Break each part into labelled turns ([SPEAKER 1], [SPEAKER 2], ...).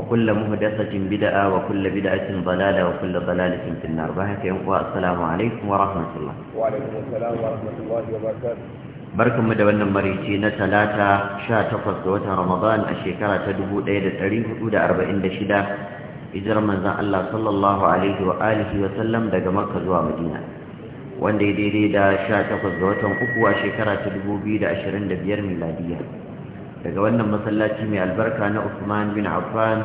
[SPEAKER 1] وكل مهدسة بدعة وكل بدعة ضلالة وكل ضلالة في النار بحك ينقوى السلام عليكم ورحمة الله
[SPEAKER 2] وعليكم السلام ورحمة الله وبركاته
[SPEAKER 1] barkan mu da wannan marici na talata 18 ga watan Ramadan a shekara ta 1446 hijirar manzon Allah sallallahu alaihi wa alihi wa sallam daga Makka zuwa Madina wanda ya daidai da 18 ga watan uku a shekara ta 2025 miladiya daga wannan masallaci mai albarka na Usman bin Affan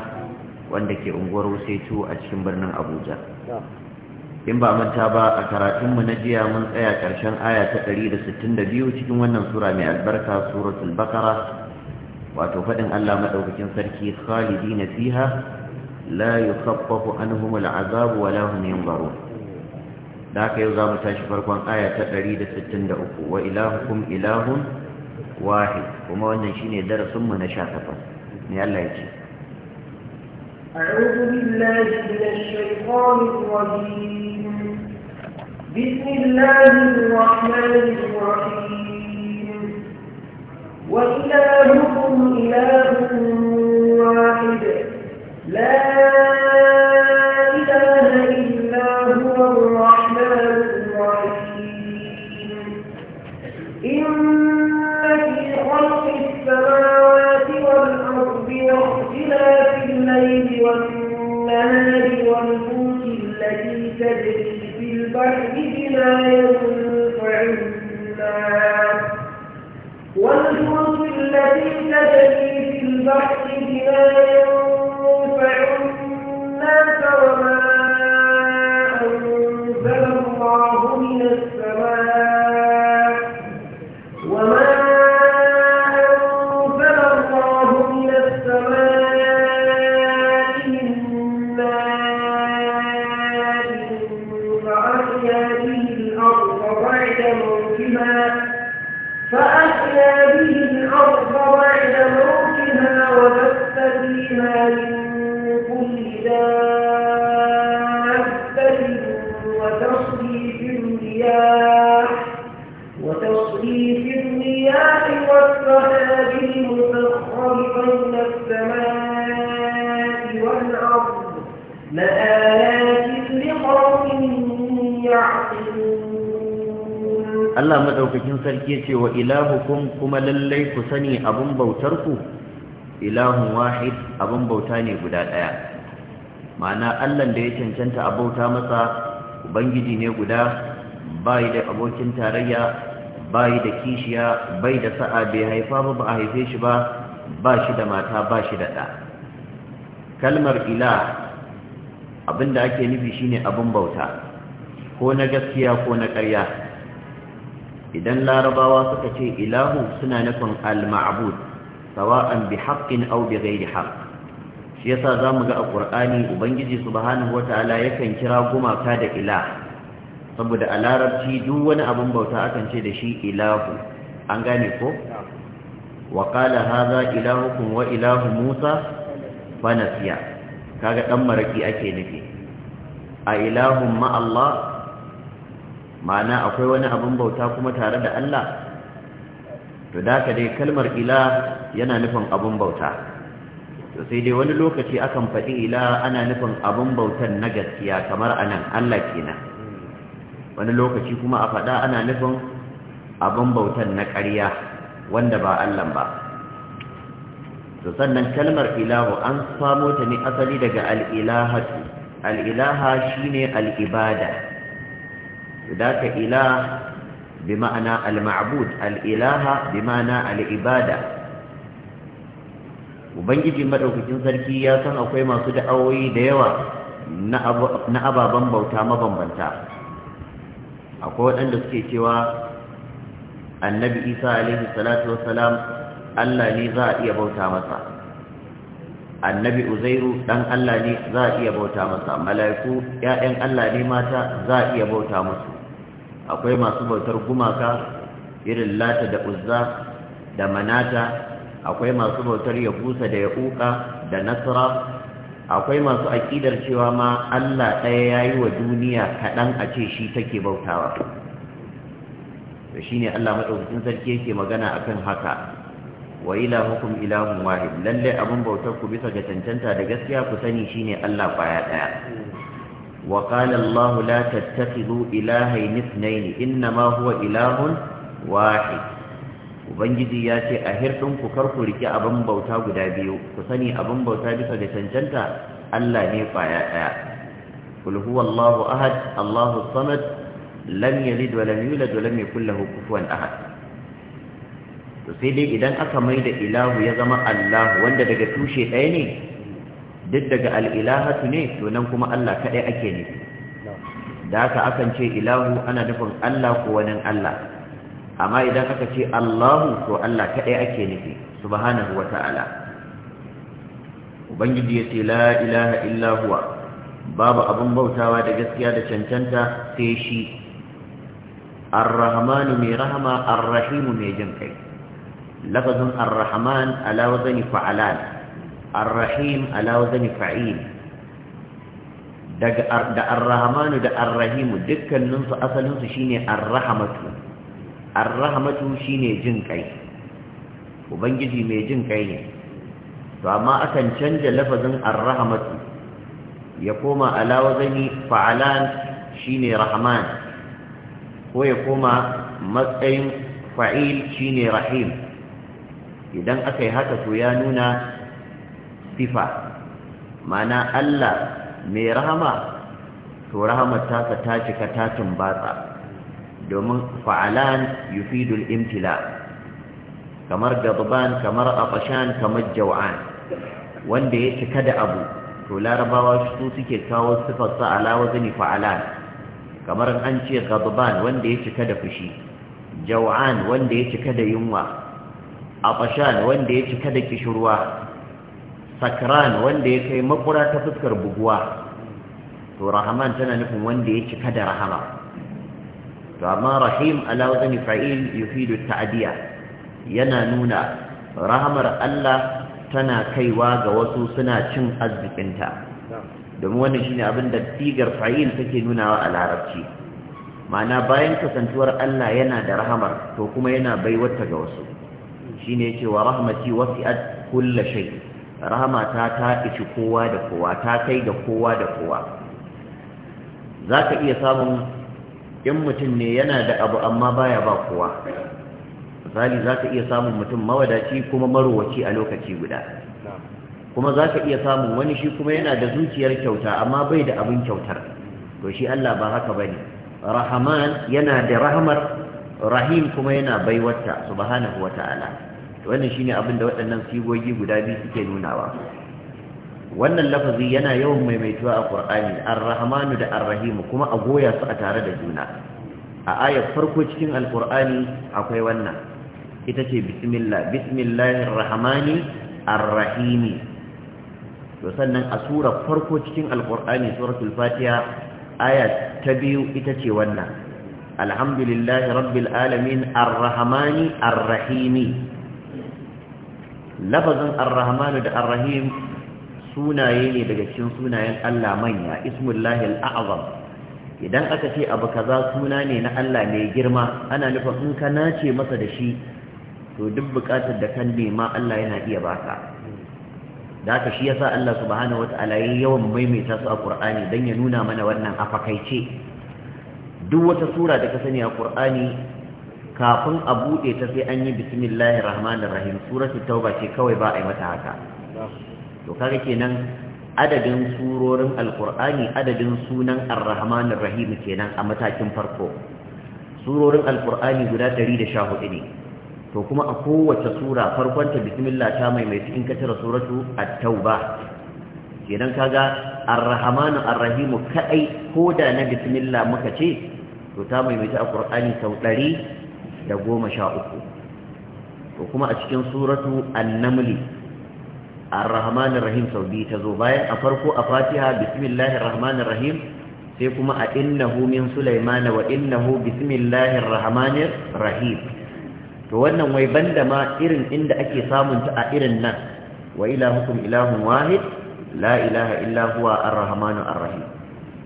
[SPEAKER 1] wanda ke unguwar Wusaitu a cikin birnin Abuja in ba manta ba a karatun mu na jiya mun tsaya karshen aya ta 162 cikin wannan sura mai albarka suratul baqara wato fadin Allah madaukakin sarki Khalidi, fiha la yukhaffafu anhum al'azab wa la hum yunzarun da haka yau za mu tashi farkon aya ta 163 wa ilahukum ilahun wahi kuma wannan shi ne darasinmu na shafafa ne Allah ya ce
[SPEAKER 3] بسم الله الرحمن الرحيم وإلهكم إله واحد لا والنهار والفوت التي تجري في البحر بما ينفع الناس التي تجري في البحر بما ينفع الناس وما
[SPEAKER 1] cikin sarki ya ce wa ilahukum kuma lallai ku sani abin ku? ilahun wahid abin bauta ne guda ɗaya ma'ana Allah da ya cancanta a bauta masa ubangiji ne guda bayi da abokin tarayya bayi da kishiya bai da sa'a bai haifa ba ba a haife shi ba ba shi da mata ba shi da ɗa kalmar abin abinda ake nufi shine abin bauta ko na gaskiya ko na ƙarya idan larabawa suka ce ilahu suna nufin al-ma'bud sawa'an bi haqqin aw bi ghairi haqq shi yasa zamu ga a Qur'ani ubangiji subhanahu wataala yakan kira gumaka da ilah saboda a larabci duk wani abin bauta akan ce da shi ilahu an gane ko wa qala hadha ilahukum wa ilahu musa fa nasiya kaga dan maraki ake nufi a ilahun Allah. ma'ana akwai wani abin bauta kuma tare da Allah to da ka dai kalmar ila yana nufin abin bauta to sai dai wani lokaci akan faɗi ila ana nufin abin bautan na gaskiya kamar anan Allah kenan wani lokaci kuma a faɗa ana nufin abin bautan na ƙarya wanda ba Allah ba to sannan kalmar ilahu an samu ta ne asali daga al'ilahatu al'ilaha shine al'ibada ذاك إله بمعنى المعبود الإله بمعنى العبادة وبنجي مدوكين سركي يا سن akwai masu da'awoyi da yawa na ababen bauta mabambanta akwai waɗanda suke cewa annabi isa alaihi salatu wassalam allah ne za a iya bauta masa annabi uzairu ɗan allah ne za a iya bauta masa mala'iku 'ya'yan allah ne mata za a iya bauta musu akwai masu bautar gumaka irin lata da uzza da manata akwai masu bautar yabusa da yauka da nasara akwai masu aƙidar cewa ma Allah ɗaya ya yi wa duniya kaɗan a ce shi take bautawa to shi ne Allah maɗaukacin sarki yake magana akan haka wa hukum ilahun wahid lallai abin bautar ku bisa ga cancanta da gaskiya ku sani shine Allah kwaya ɗaya. وقال الله لا تتخذوا إلهين اثنين إنما هو إله واحد Ubangiji ya ce a kar ku karku rike abin bauta guda biyu ku sani abin bauta bisa ga cancanta Allah ne ƙwaya ɗaya Kulhu huwallahu ahad Allahu samad lam yalid wa lam yulad wa lam yakul lahu kufuwan ahad to sai dai idan aka maida ilahu ya zama Allah wanda daga tushe ɗaya ne duk daga al'ilahatu ne to nan kuma Allah kaɗai ake ne da haka akan ce ilahu ana nufin Allah ko wani Allah amma idan aka ce Allahu ko Allah kaɗai ake nufi subhanahu wa ta'ala ubangiji ya ce la ilaha illa huwa babu abin bautawa da gaskiya da cancanta sai shi ar-rahmanu mai rahama ar mai jin kai lafazin ar-rahman ala wazani الرحيم على وزن فعيل da arrahamanu da arrahimu dukkaninsu asalinsu shine arrahamatu arrahamatu shine jin kai ubangiji mai jin kai ne to amma akan canja lafazin arrahamatu ya koma ala wazani fa'alan shine rahman ko ya koma matsayin fa'il shine rahim idan aka yi haka to ya nuna sifa mana Allah mai rahama to Rahama ta ka ta cika ta tumbatsa domin fa'alan yufidul imtila kamar gadban kamar afashan kamar jaw'an wanda ya cika da abu to larabawa su suke kawo sa ala wazni fa'alan kamar an ce gadban wanda ya cika da fushi jaw'an wanda ya cika da yunwa afashan wanda ya cika da kishirwa sakran wanda ya kai makura ta fuskar buguwa to rahman tana nufin wanda ya cika da rahama to amma rahim ala wazani fa'il yufidu ta'diya yana nuna rahamar Allah tana kaiwa ga wasu suna cin arzikinta domin wannan shine abin da tigar fa'il take nunawa a larabci ma'ana bayan kasantuwar Allah yana da rahamar to kuma yana baiwata ga wasu shine yake wa rahmati wasi'at kullu shay'in rahama ta ta ishi kowa da kowa ta kai da kowa da kowa za ka iya samun in mutum ne yana da abu amma baya ba kowa misali za ka iya samun mutum mawadaci kuma marowaci a lokaci guda kuma za ka iya samun wani shi kuma yana da zuciyar kyauta amma bai da abin kyautar to shi Allah ba haka ba ne rahaman yana da rahamar rahim kuma yana baiwarta subhanahu wa ta'ala wannan shine abin da waɗannan sigogi guda biyu suke nunawa wannan lafazi yana yawan maimaituwa a ƙur'ani Ar-Rahmanu da ar kuma a goya su a tare da juna a ayar farko cikin al akwai wannan ita ce bismillah bismillahir rahmani ar to sannan a sura farko cikin al suratul Fatiha aya ta biyu ita ce wannan alhamdulillahi rabbil alamin ar-rahmani ar lafazin ar-rahmanu da ar-rahim sunaye ne daga cikin sunayen Allah manya ismullahi al-a'zam idan aka ce abu kaza suna ne na Allah mai girma ana nufa in ka nace masa da shi to duk bukatar da kan nema Allah yana iya baka da haka shi yasa Allah subhanahu wata'ala yayin yawan maimaita su a Qur'ani dan ya nuna mana wannan afakaice duk wata sura da ka sani a Qur'ani kafin a buɗe ta sai an yi bismillahir rahmanir rahim suratul tauba ce kawai ba a yi mata haka to kaga kenan adadin surorin alqur'ani adadin sunan arrahmanir rahim kenan a matakin farko surorin alqur'ani guda 114 ne to kuma a kowace sura farkon ta bismillah ta mai in cikin tara suratu at-tauba kenan kaga arrahmanu arrahim ko da na bismillah muka ce to ta mai a kurani sau ɗari. da goma sha uku to kuma a cikin suratu annamli ar-rahmanir rahim sau biyu ta zo bayan a farko a fatiha bismillahir rahmanir rahim sai kuma a innahu min sulaimana wa innahu bismillahir rahmanir rahim to wannan wai banda ma irin inda ake samun ta a irin nan wa ilahukum ilahun wahid la ilaha illa huwa ar-rahmanu ar-rahim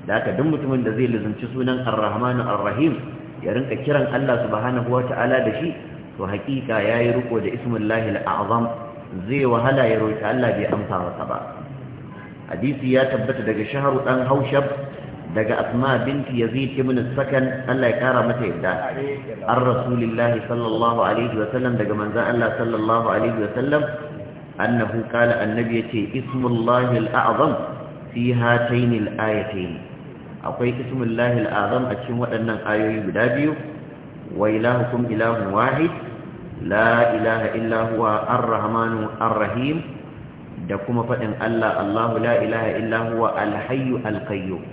[SPEAKER 1] da haka duk mutumin da zai lizunci sunan ar-rahmanu ar-rahim ya rinka kiran Allah subhanahu wata'ala da shi to hakika yayi riko da ismullahi al'azam zai wahala ya roki Allah bai amsa masa ba hadisi ya tabbata daga shaharu dan haushab daga asma binti yazid ibn sakan Allah ya kara mata yadda ar rasulillahi sallallahu alaihi wa sallam daga manzon Allah sallallahu alaihi wa sallam annahu qala annabi yace ismullahi al'azam fi hatayn al akwai ismin lahil azam a cikin waɗannan ayoyi guda biyu wa ilahukum ilahun wahid la ilaha illa huwa ar-rahmanu ar-rahim da kuma faɗin Allah Allahu la ilaha illa huwa al-hayyu al-qayyum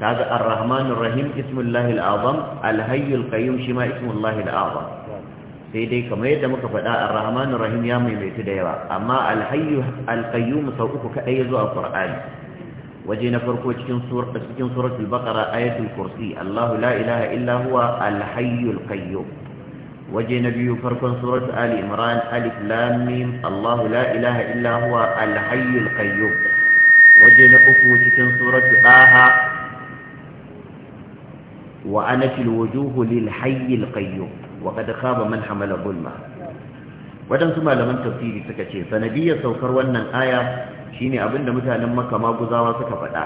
[SPEAKER 1] kaga ar-rahmanu ar-rahim ismin lahil azam al-hayyu al-qayyum shi ma ismin lahil azam sai dai kamar yadda muka faɗa ar-rahmanu ar-rahim ya maimaitu da yawa amma al-hayyu al-qayyum sau kadai yazo a Qur'ani waje na farko cikin cikin suratul baqara ayatul kursi Allahu la ilaha illa huwa al-hayyul qayyum waje na biyu farkon suratul ali imran alif lam mim Allahu la ilaha illa huwa al-hayyul qayyum waje na uku cikin suratul daha wa anatil wujuhu lil hayyil qayyum wa qad khaba man hamala zulma wadansu malaman tafsiri suka ce sanadiyar saukar wannan aya Shi shine abinda mutanen makama guzawa suka faɗa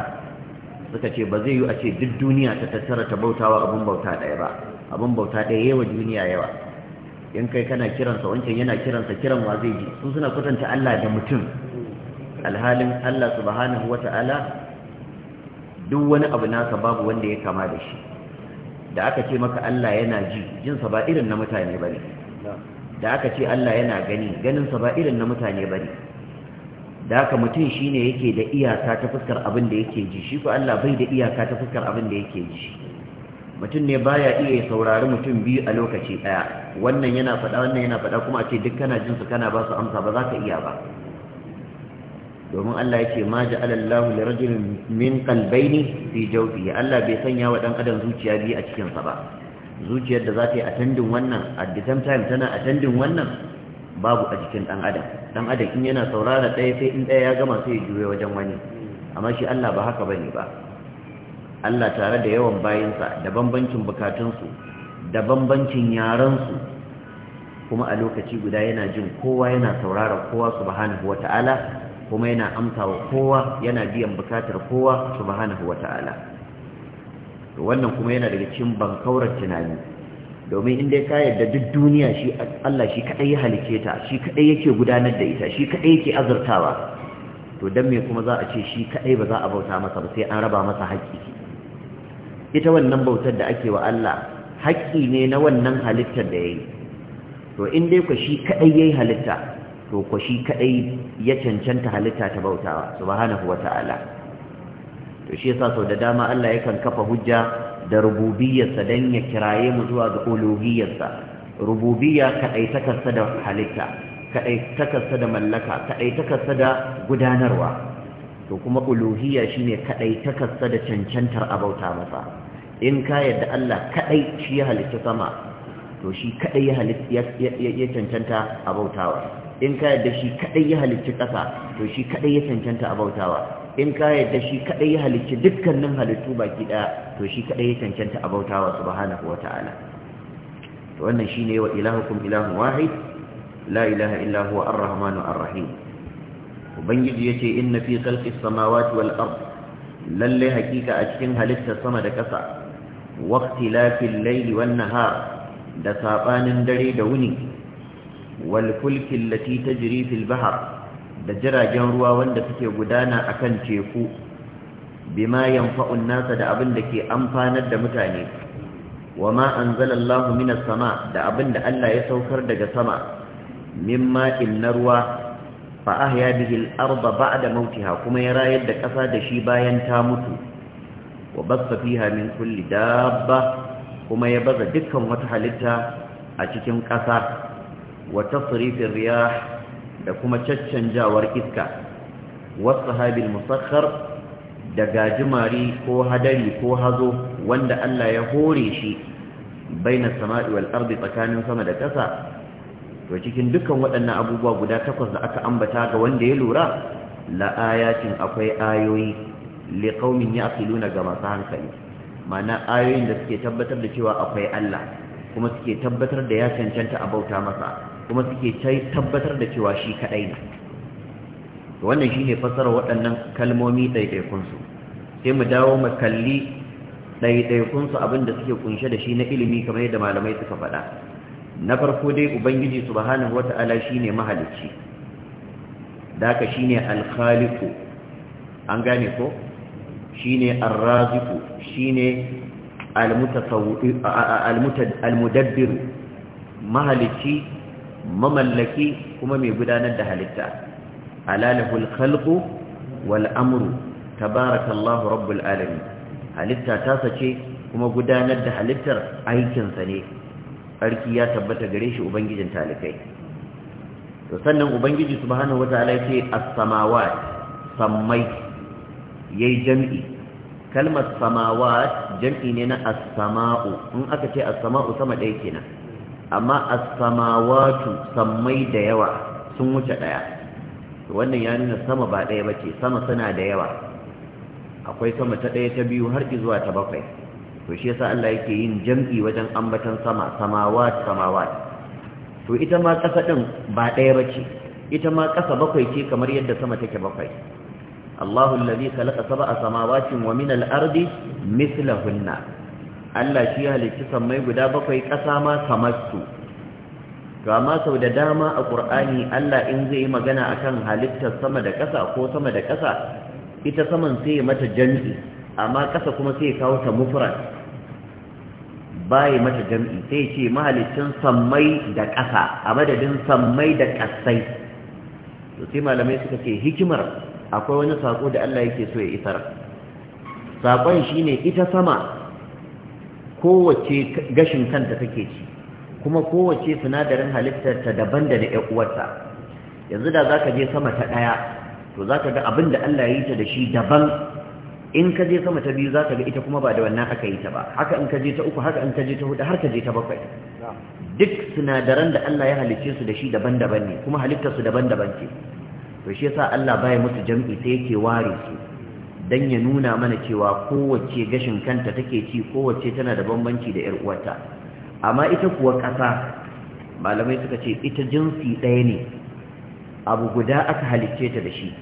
[SPEAKER 1] suka ce ba zai yi a ce duk duniya ta tattara ta bautawa abin bauta ɗaya ba abin bauta ɗaya yawa duniya yawa in kai kana kiransa wancan yana kiransa kiran wa zai ji su suna kwatanta Allah da mutum alhalin Allah subhanahu ta'ala duk wani abu nasa babu wanda ya kama da shi da aka ce maka Allah yana ji jinsa ba irin na mutane bane da aka ce Allah yana gani ganinsa ba irin na mutane bane da haka mutum shi ne yake da iyaka ta fuskar abin da yake ji shi ko Allah bai da iyaka ta fuskar abin da yake ji mutum ne baya iya saurari mutum biyu a lokaci daya wannan yana faɗa wannan yana faɗa kuma a ce duk kana jin su kana ba su amsa ba za ka iya ba domin Allah ya ce ma ja'ala Allahu li rajulin min qalbayni fi jawfihi Allah bai sanya wa dan adam zuciya biyu a cikin sa ba zuciyar da za ta yi attending wannan at the same time tana attending wannan babu a jikin dan adam dan adam in yana saurara ɗaya sai in ɗaya ya gama sai ya juye wajen wani amma shi Allah ba haka bane ba Allah tare da yawan bayinsa da bambancin bukatunsu da bambancin yaransu kuma a lokaci guda yana jin kowa yana saurara kowa subhanahu wata'ala kuma yana amsa wa kowa yana biyan bukatar kowa subhanahu wata'ala to wannan kuma yana daga cikin bankaurar tunani domin in dai ka da duk duniya shi Allah shi kadai ya halice ta shi kadai yake gudanar da ita shi kadai yake azurtawa to don me kuma za a ce shi kadai ba za a bauta masa ba sai an raba masa haƙƙi ita wannan bautar da ake wa Allah haƙƙi ne na wannan halittar da yayi to in dai ku shi kadai yayi halitta to ku shi kadai ya cancanta halitta ta bautawa subhanahu wataala to shi yasa sau da dama Allah yakan kafa hujja da rububiyarsa don ya kiraye mu zuwa ga uluhiyarsa rububiyya kaɗaitakarsa da halitta kaɗaitakarsa da mallaka kaɗaitakarsa da gudanarwa to kuma uluhiyya shine kaɗaitakarsa da cancantar abauta masa in ka yadda Allah kaɗai shi ya halitta sama to shi kaɗai ya cancanta abautawa in ka yadda shi kaɗai ya halicci ƙasa to shi kaɗai ya cancanta abautawa in ka yadda shi kaɗai ya halicci dukkanin halittu baki ɗaya to shi kadai ya cancanta a bautawa subhanahu wata'ala to wannan shine wa ilahukum ilahun wahid la ilaha illa huwa ar-rahmanu ar-rahim ubangiji yace inna fi khalqis samawati wal ard lalle hakika a cikin halittar sama da ƙasa waqtilafil layli wan nahar da sabanin dare da wuni wal fulki allati tajri fil bahr da jiragen ruwa wanda suke gudana akan teku bima yanfa'un nasa da abin da ke amfanar da mutane wama anzalallahu minas sama da abin da Allah ya saukar daga sama mimma in ruwa fa ahya bihi al-ardha ba'da mautiha kuma ya rayar da ƙasa da shi bayan ta mutu wa basta fiha min kulli dabba kuma ya baza dukkan wata halitta a cikin ƙasa wa tasrifir riyah da kuma caccanjawar iska wasu sahabil musakhkhar da gajimari ko hadari ko hazo wanda Allah ya hore shi baina sama'i wal ardi tsakanin sama da ƙasa to cikin dukkan waɗannan abubuwa guda takwas da aka ambata ga wanda ya lura la ayatin akwai ayoyi li qaumin yaqiluna ga masu hankali ma'ana ayoyin da suke tabbatar da cewa akwai Allah kuma suke tabbatar da ya cancanta a bauta masa kuma suke tabbatar da cewa shi kadai ne wannan shine fasara waɗannan kalmomi ɗaiɗaikunsu sai mu dawo mu kalli ɗaiɗaikunsu abin da suke kunshe da shi na ilimi kamar yadda malamai suka faɗa na farko dai ubangiji subhanahu wata'ala shine mahalicci da haka shine alkhaliqu an gane ko shine arraziqu shine almudabbiru mahalicci mamallaki kuma mai gudanar da halitta ala lahul khalqu wal amru tabarakallahu rabbul alamin halitta ta sace kuma gudanar da halittar aikinsa ne sarki ya tabbata gare shi ubangijin talikai to sannan ubangiji subhanahu wataala yace as-samawat sammai yayi jam'i kalmar samawat jam'i ne na as in aka ce as sama ɗaya kenan amma as-samawatu da yawa sun wuce ɗaya to wannan ya nuna sama ba ɗaya ba ce sama suna da yawa akwai sama ta ɗaya ta biyu har zuwa ta bakwai to shi yasa Allah yake yin jam'i wajen ambatan sama samawat samawat to ita ma ƙasa ɗin ba ɗaya ba ce ita ma ƙasa bakwai ce kamar yadda sama take bakwai Allahu allazi khalaqa sab'a samawatin wa min al-ardi mithlahunna Allah shi ya halicci sammai guda bakwai ƙasa ma kamar su to amma sau da dama a ƙur'ani Allah in zai yi magana akan halittar sama da ƙasa ko sama da ƙasa ita saman sai ya mata jam'i amma ƙasa kuma sai ya kawo ta mufrad baya mata jam'i sai ce mahalicin sammai da ƙasa a madadin sammai da ƙasai to sai malamai suka ce hikimar akwai wani sako da Allah yake so ya isar sakon shine ita sama kowace gashin kanta take ci kuma kowace sinadarin halittar ta daban da na ƴan uwarta yanzu da zaka je sama ta ɗaya to zaka ga abin da Allah ya yi ta da shi daban in ka je sama ta biyu zaka ga ita kuma ba da wannan aka yi ta ba haka in ka je ta uku haka in ka je ta hudu har ka je ta bakwai duk sinadaran da Allah ya halicce su da shi daban-daban ne kuma halittar su daban-daban ce to shi yasa Allah baya musu jam'i sai yake ware su dan ya nuna mana cewa kowace gashin kanta take ci kowace tana da bambanci da ƴar uwarta amma ita kuwa ƙasa malamai suka ce ita jinsi ɗaya ne abu guda aka halicce ta da shi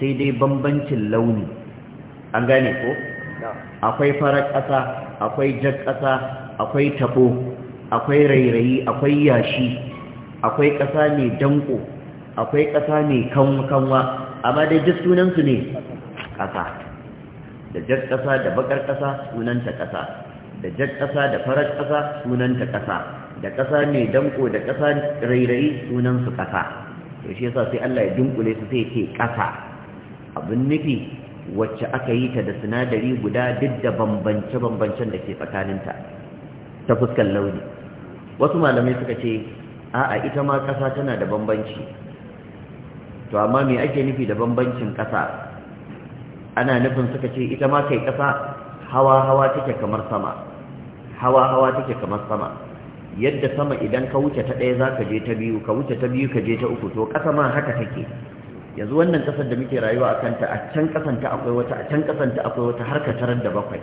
[SPEAKER 1] sai dai bambancin launi an gane ko akwai farar ƙasa akwai jar ƙasa akwai taɓo akwai rairayi akwai yashi akwai ƙasa mai danko akwai ƙasa mai kanwa kanwa amma dai duk sunansu ne ƙasa da jar ƙasa da bakar ƙasa sunanta ƙasa da jar ƙasa da farar ƙasa sunanta ƙasa da ƙasa ne danko da ƙasa rairayi sunansu ƙasa to shi yasa sai Allah ya dunkule su sai ce ƙasa abin nufi wacce aka yi ta da sinadari guda duk da bambance-bambancen da ke tsakaninta ta fuskan launi wasu malamai suka ce a'a ita ma ƙasa tana da bambanci to amma me ake nufi da bambancin ƙasa ana nufin suka ce ita ma kai ƙasa hawa-hawa take kamar sama hawa hawa take kamar sama yadda sama idan ka wuce ta ɗaya za ka je ta biyu ka wuce ta biyu ka je ta uku to ƙasa ma haka take yanzu wannan ƙasar da muke rayuwa a kanta a can ƙasanta akwai wata a can ƙasanta akwai wata har ka tarar da bakwai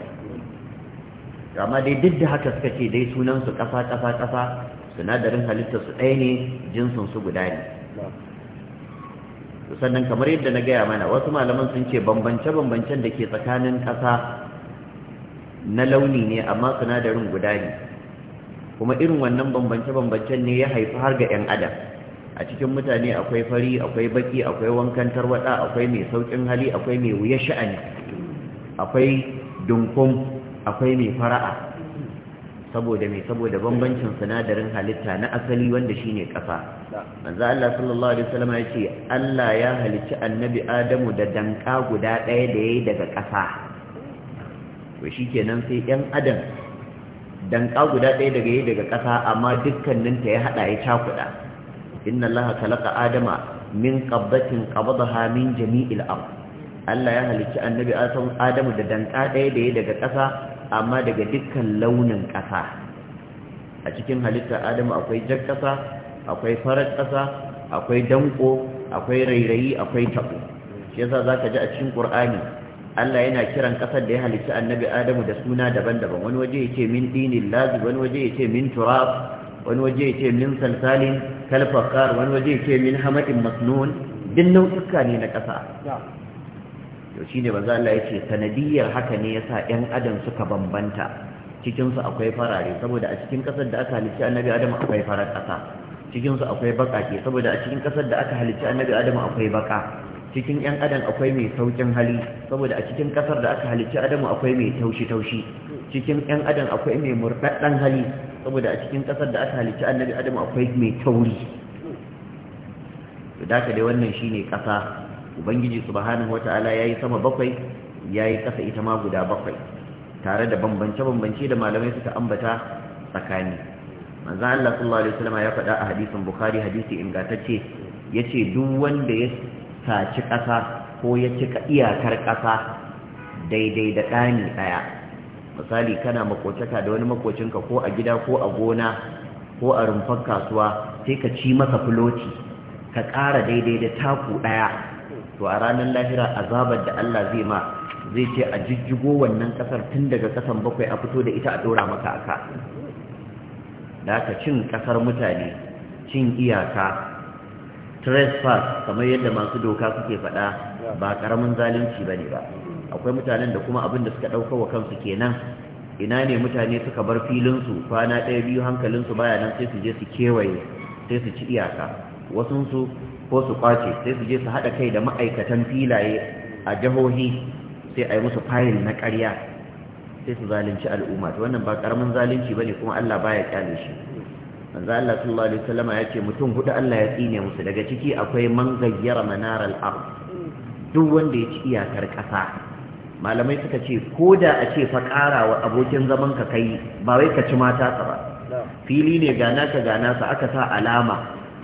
[SPEAKER 1] amma dai duk da haka suka ce dai sunansu ƙasa ƙasa ƙasa sinadarin halittar su ɗaya ne jinsin su guda ne sannan kamar yadda na gaya mana wasu malaman sun ce bambance-bambancen da ke tsakanin ƙasa na launi ne amma sinadarin guda ne kuma irin wannan bambance-bambancen ne ya haifi har ga 'yan adam a cikin mutane akwai fari akwai baki akwai wankan tarwada akwai mai saukin hali akwai mai wuya sha'ani akwai dunkum akwai mai fara'a saboda mai saboda bambancin sinadarin halitta na asali wanda shine kafa manzo Allah sallallahu alaihi wasallam ya ce Allah ya halicci annabi Adamu da danka guda ɗaya da yayi daga ƙasa. to shi kenan sai ‘yan adam danƙa guda ɗaya daga yi daga ƙasa amma dukkaninta ya haɗa ya cakuɗa inna allaha talaka adama min qabdatin qabdaha min jami'il ard Allah ya halicci annabi adamu da danka ɗaya da ya daga ƙasa amma daga dukkan launin ƙasa a cikin halitta adamu akwai jar ƙasa akwai farar ƙasa akwai danko akwai rairayi akwai taɓo shi yasa zaka ji a cikin qur'ani Allah yana kiran ƙasar da ya halitta annabi Adamu da suna daban-daban wani waje yace min dinin Lazi, wani waje yace min turab wani waje yace min salsalin kalfakar wani waje yace min hamadin masnun duk nau'uka ne na kasa to shine manzo Allah ya ce sanadiyar haka ne yasa ƴan adam suka bambanta Cikinsu akwai farare saboda a cikin ƙasar da aka halitta annabi Adamu akwai farar ƙasa. Cikinsu su akwai bakake saboda a cikin ƙasar da aka halitta annabi Adamu akwai baka cikin ‘yan adam akwai mai saukin hali saboda a cikin ƙasar da aka halicci adamu akwai mai taushi-taushi cikin ‘yan adam akwai mai murɗaɗɗen hali saboda a cikin ƙasar da aka halicci annabi adamu akwai mai tauri da aka dai wannan shi ne ƙasa ubangiji subhanahu wata'ala ya yi sama bakwai ya yi ƙasa ita ma guda bakwai tare da bambance-bambance da malamai suka ambata tsakani manzo Allah sallallahu alaihi wasallam ya faɗa a hadisin bukhari hadisi ingantacce yace duk wanda ya ci ƙasa ko ya cika iyakar ƙasa daidai da ɗani ɗaya misali kana makotaka da wani makocinka ko a gida ko a gona ko a rumfar kasuwa sai ka ci maka filoti ka ƙara daidai da taku ɗaya to a ranar lahira azabar da Allah zai ma zai ce a jijjigo wannan ƙasar tun daga ƙasan bakwai a fito da ita a ɗora maka aka da ka cin ƙasar mutane cin iyaka trespass kamar yadda masu doka suke faɗa ba ƙaramin zalunci ba ne ba akwai mutanen da kuma abin da suka ɗauka wa kansu kenan ina ne mutane suka bar filinsu kwana ɗaya biyu hankalinsu baya nan sai su je su kewaye sai su ci iyaka wasunsu ko su kwace sai su je su haɗa kai da ma'aikatan filaye a jihohi sai a yi musu fayil na ƙarya sai su zalunci al'umma to wannan ba ƙaramin zalunci ba ne kuma allah baya ƙyale shi manzo Allah sallallahu alaihi wasallam ya mutum hudu Allah ya tsine musu daga ciki akwai man gayyara manar al-ard duk wanda ya ci iyakar kasa malamai suka ce ko da a ce fa ƙara wa abokin zaman ka kai ba wai ka ci mata ba fili ne gana ka gana sa aka sa alama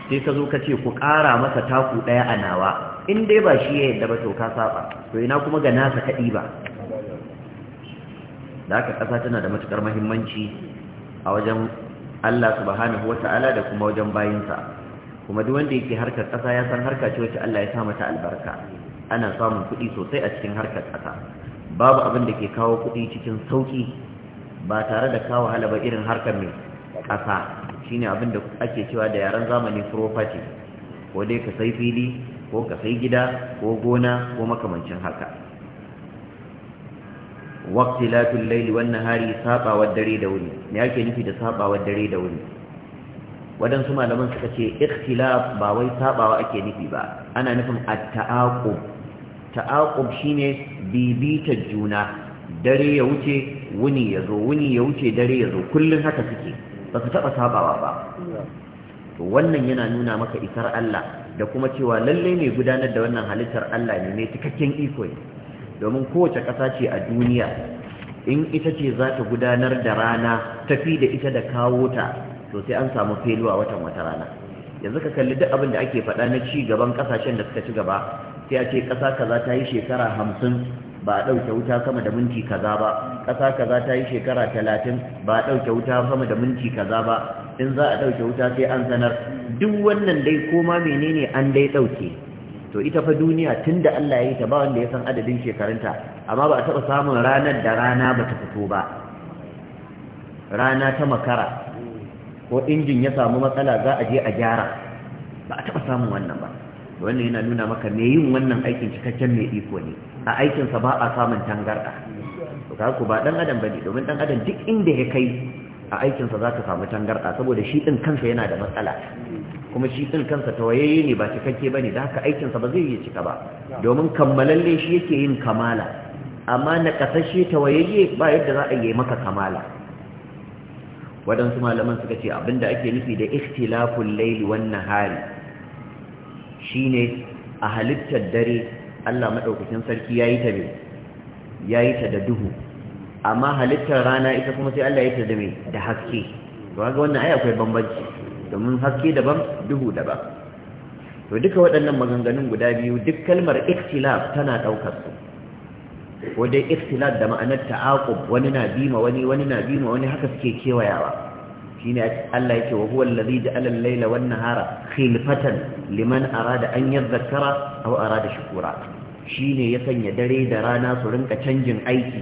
[SPEAKER 1] sai ka zo ka ce ku ƙara masa taku ɗaya a nawa in dai ba shi ya yadda ba to ka saba to ina kuma ga nasa kaɗi ba da aka ƙasa tana da matuƙar muhimmanci a wajen Allah subhanahu ta'ala da kuma wajen bayinsa kuma duk wanda yake harkar ƙasa ya san harka ce wacce Allah ya sa mata albarka ana samun kuɗi sosai a cikin harkar ƙasa babu abin da ke kawo kuɗi cikin sauƙi ba tare da kawo wahala ba irin harkar mai ƙasa shine abin da ake cewa da yaren zamani property ko dai ka sai fili ko ka sai gida ko gona ko makamancin haka waqtilatul layli wan nahari sabawar dare da wuri me yake nufi da sabawar dare da wuri wadansu malaman suka ce ikhtilaf ba wai sabawa ake nufi ba ana nufin at-ta'aqub ta'aqub shine bibita juna dare ya wuce wuni ya zo wuni ya wuce dare ya zo kullun haka suke ba su taba sabawa ba to wannan yana nuna maka isar Allah da kuma cewa lalle ne gudanar da wannan halittar Allah ne mai cikakken iko ne domin kowace ƙasa ce a duniya in ita ce za ta gudanar da rana tafi da ita da kawo ta to sai an samu feluwa watan wata rana yanzu ka kalli duk abin da ake faɗa na ci gaban ƙasashen da suka ci gaba sai a ce ƙasa kaza ta yi shekara hamsin ba a ɗauke wuta sama da minti kaza ba ƙasa kaza ta yi shekara talatin ba a ɗauke wuta sama da minti kaza ba in za a ɗauke wuta sai an sanar duk wannan dai koma menene an dai ɗauke to ita fa duniya tunda Allah ya yi ta ba wanda ya san adadin shekarunta amma ba a taɓa samun ranar da rana ba ta fito ba rana ta makara ko injin ya samu matsala za a je a gyara ba a taɓa samun wannan ba wannan yana nuna maka me yin wannan aikin cikakken mai iko ne a aikinsa ba a samun tangarɗa ka ku ba ɗan adam ba ne domin ɗan adam duk inda ya kai a aikinsa za ka samu tangarɗa saboda shi ɗin kansa yana da matsala kuma shi ɗin kansa wayayye ne ba cikakke ne, da haka aikinsa ba zai yi cika ba domin kammalalle shi yake yin kamala amma na ta tawayayye ba yadda za a yi maka kamala waɗansu malaman suka ce abinda ake nufi da ikhtilaful laili wan nahari shine a halittar dare Allah madaukakin sarki yayi ta yayi ta da duhu amma halittar rana ita kuma sai Allah ya ta da me da haske to ga wannan aya akwai bambanci domin haske daban duhu daban to duka waɗannan maganganun guda biyu duk kalmar ikhtilaf tana ɗaukar su ko dai ikhtilaf da ma'anar ta'aqub wani na bima wani wani na bima wani haka suke kewayawa shine Allah yake wa huwa allazi ja'ala al-laila wan nahara khilfatan liman arada an yadhakkara aw arada shukura shine ya sanya dare da rana su rinka canjin aiki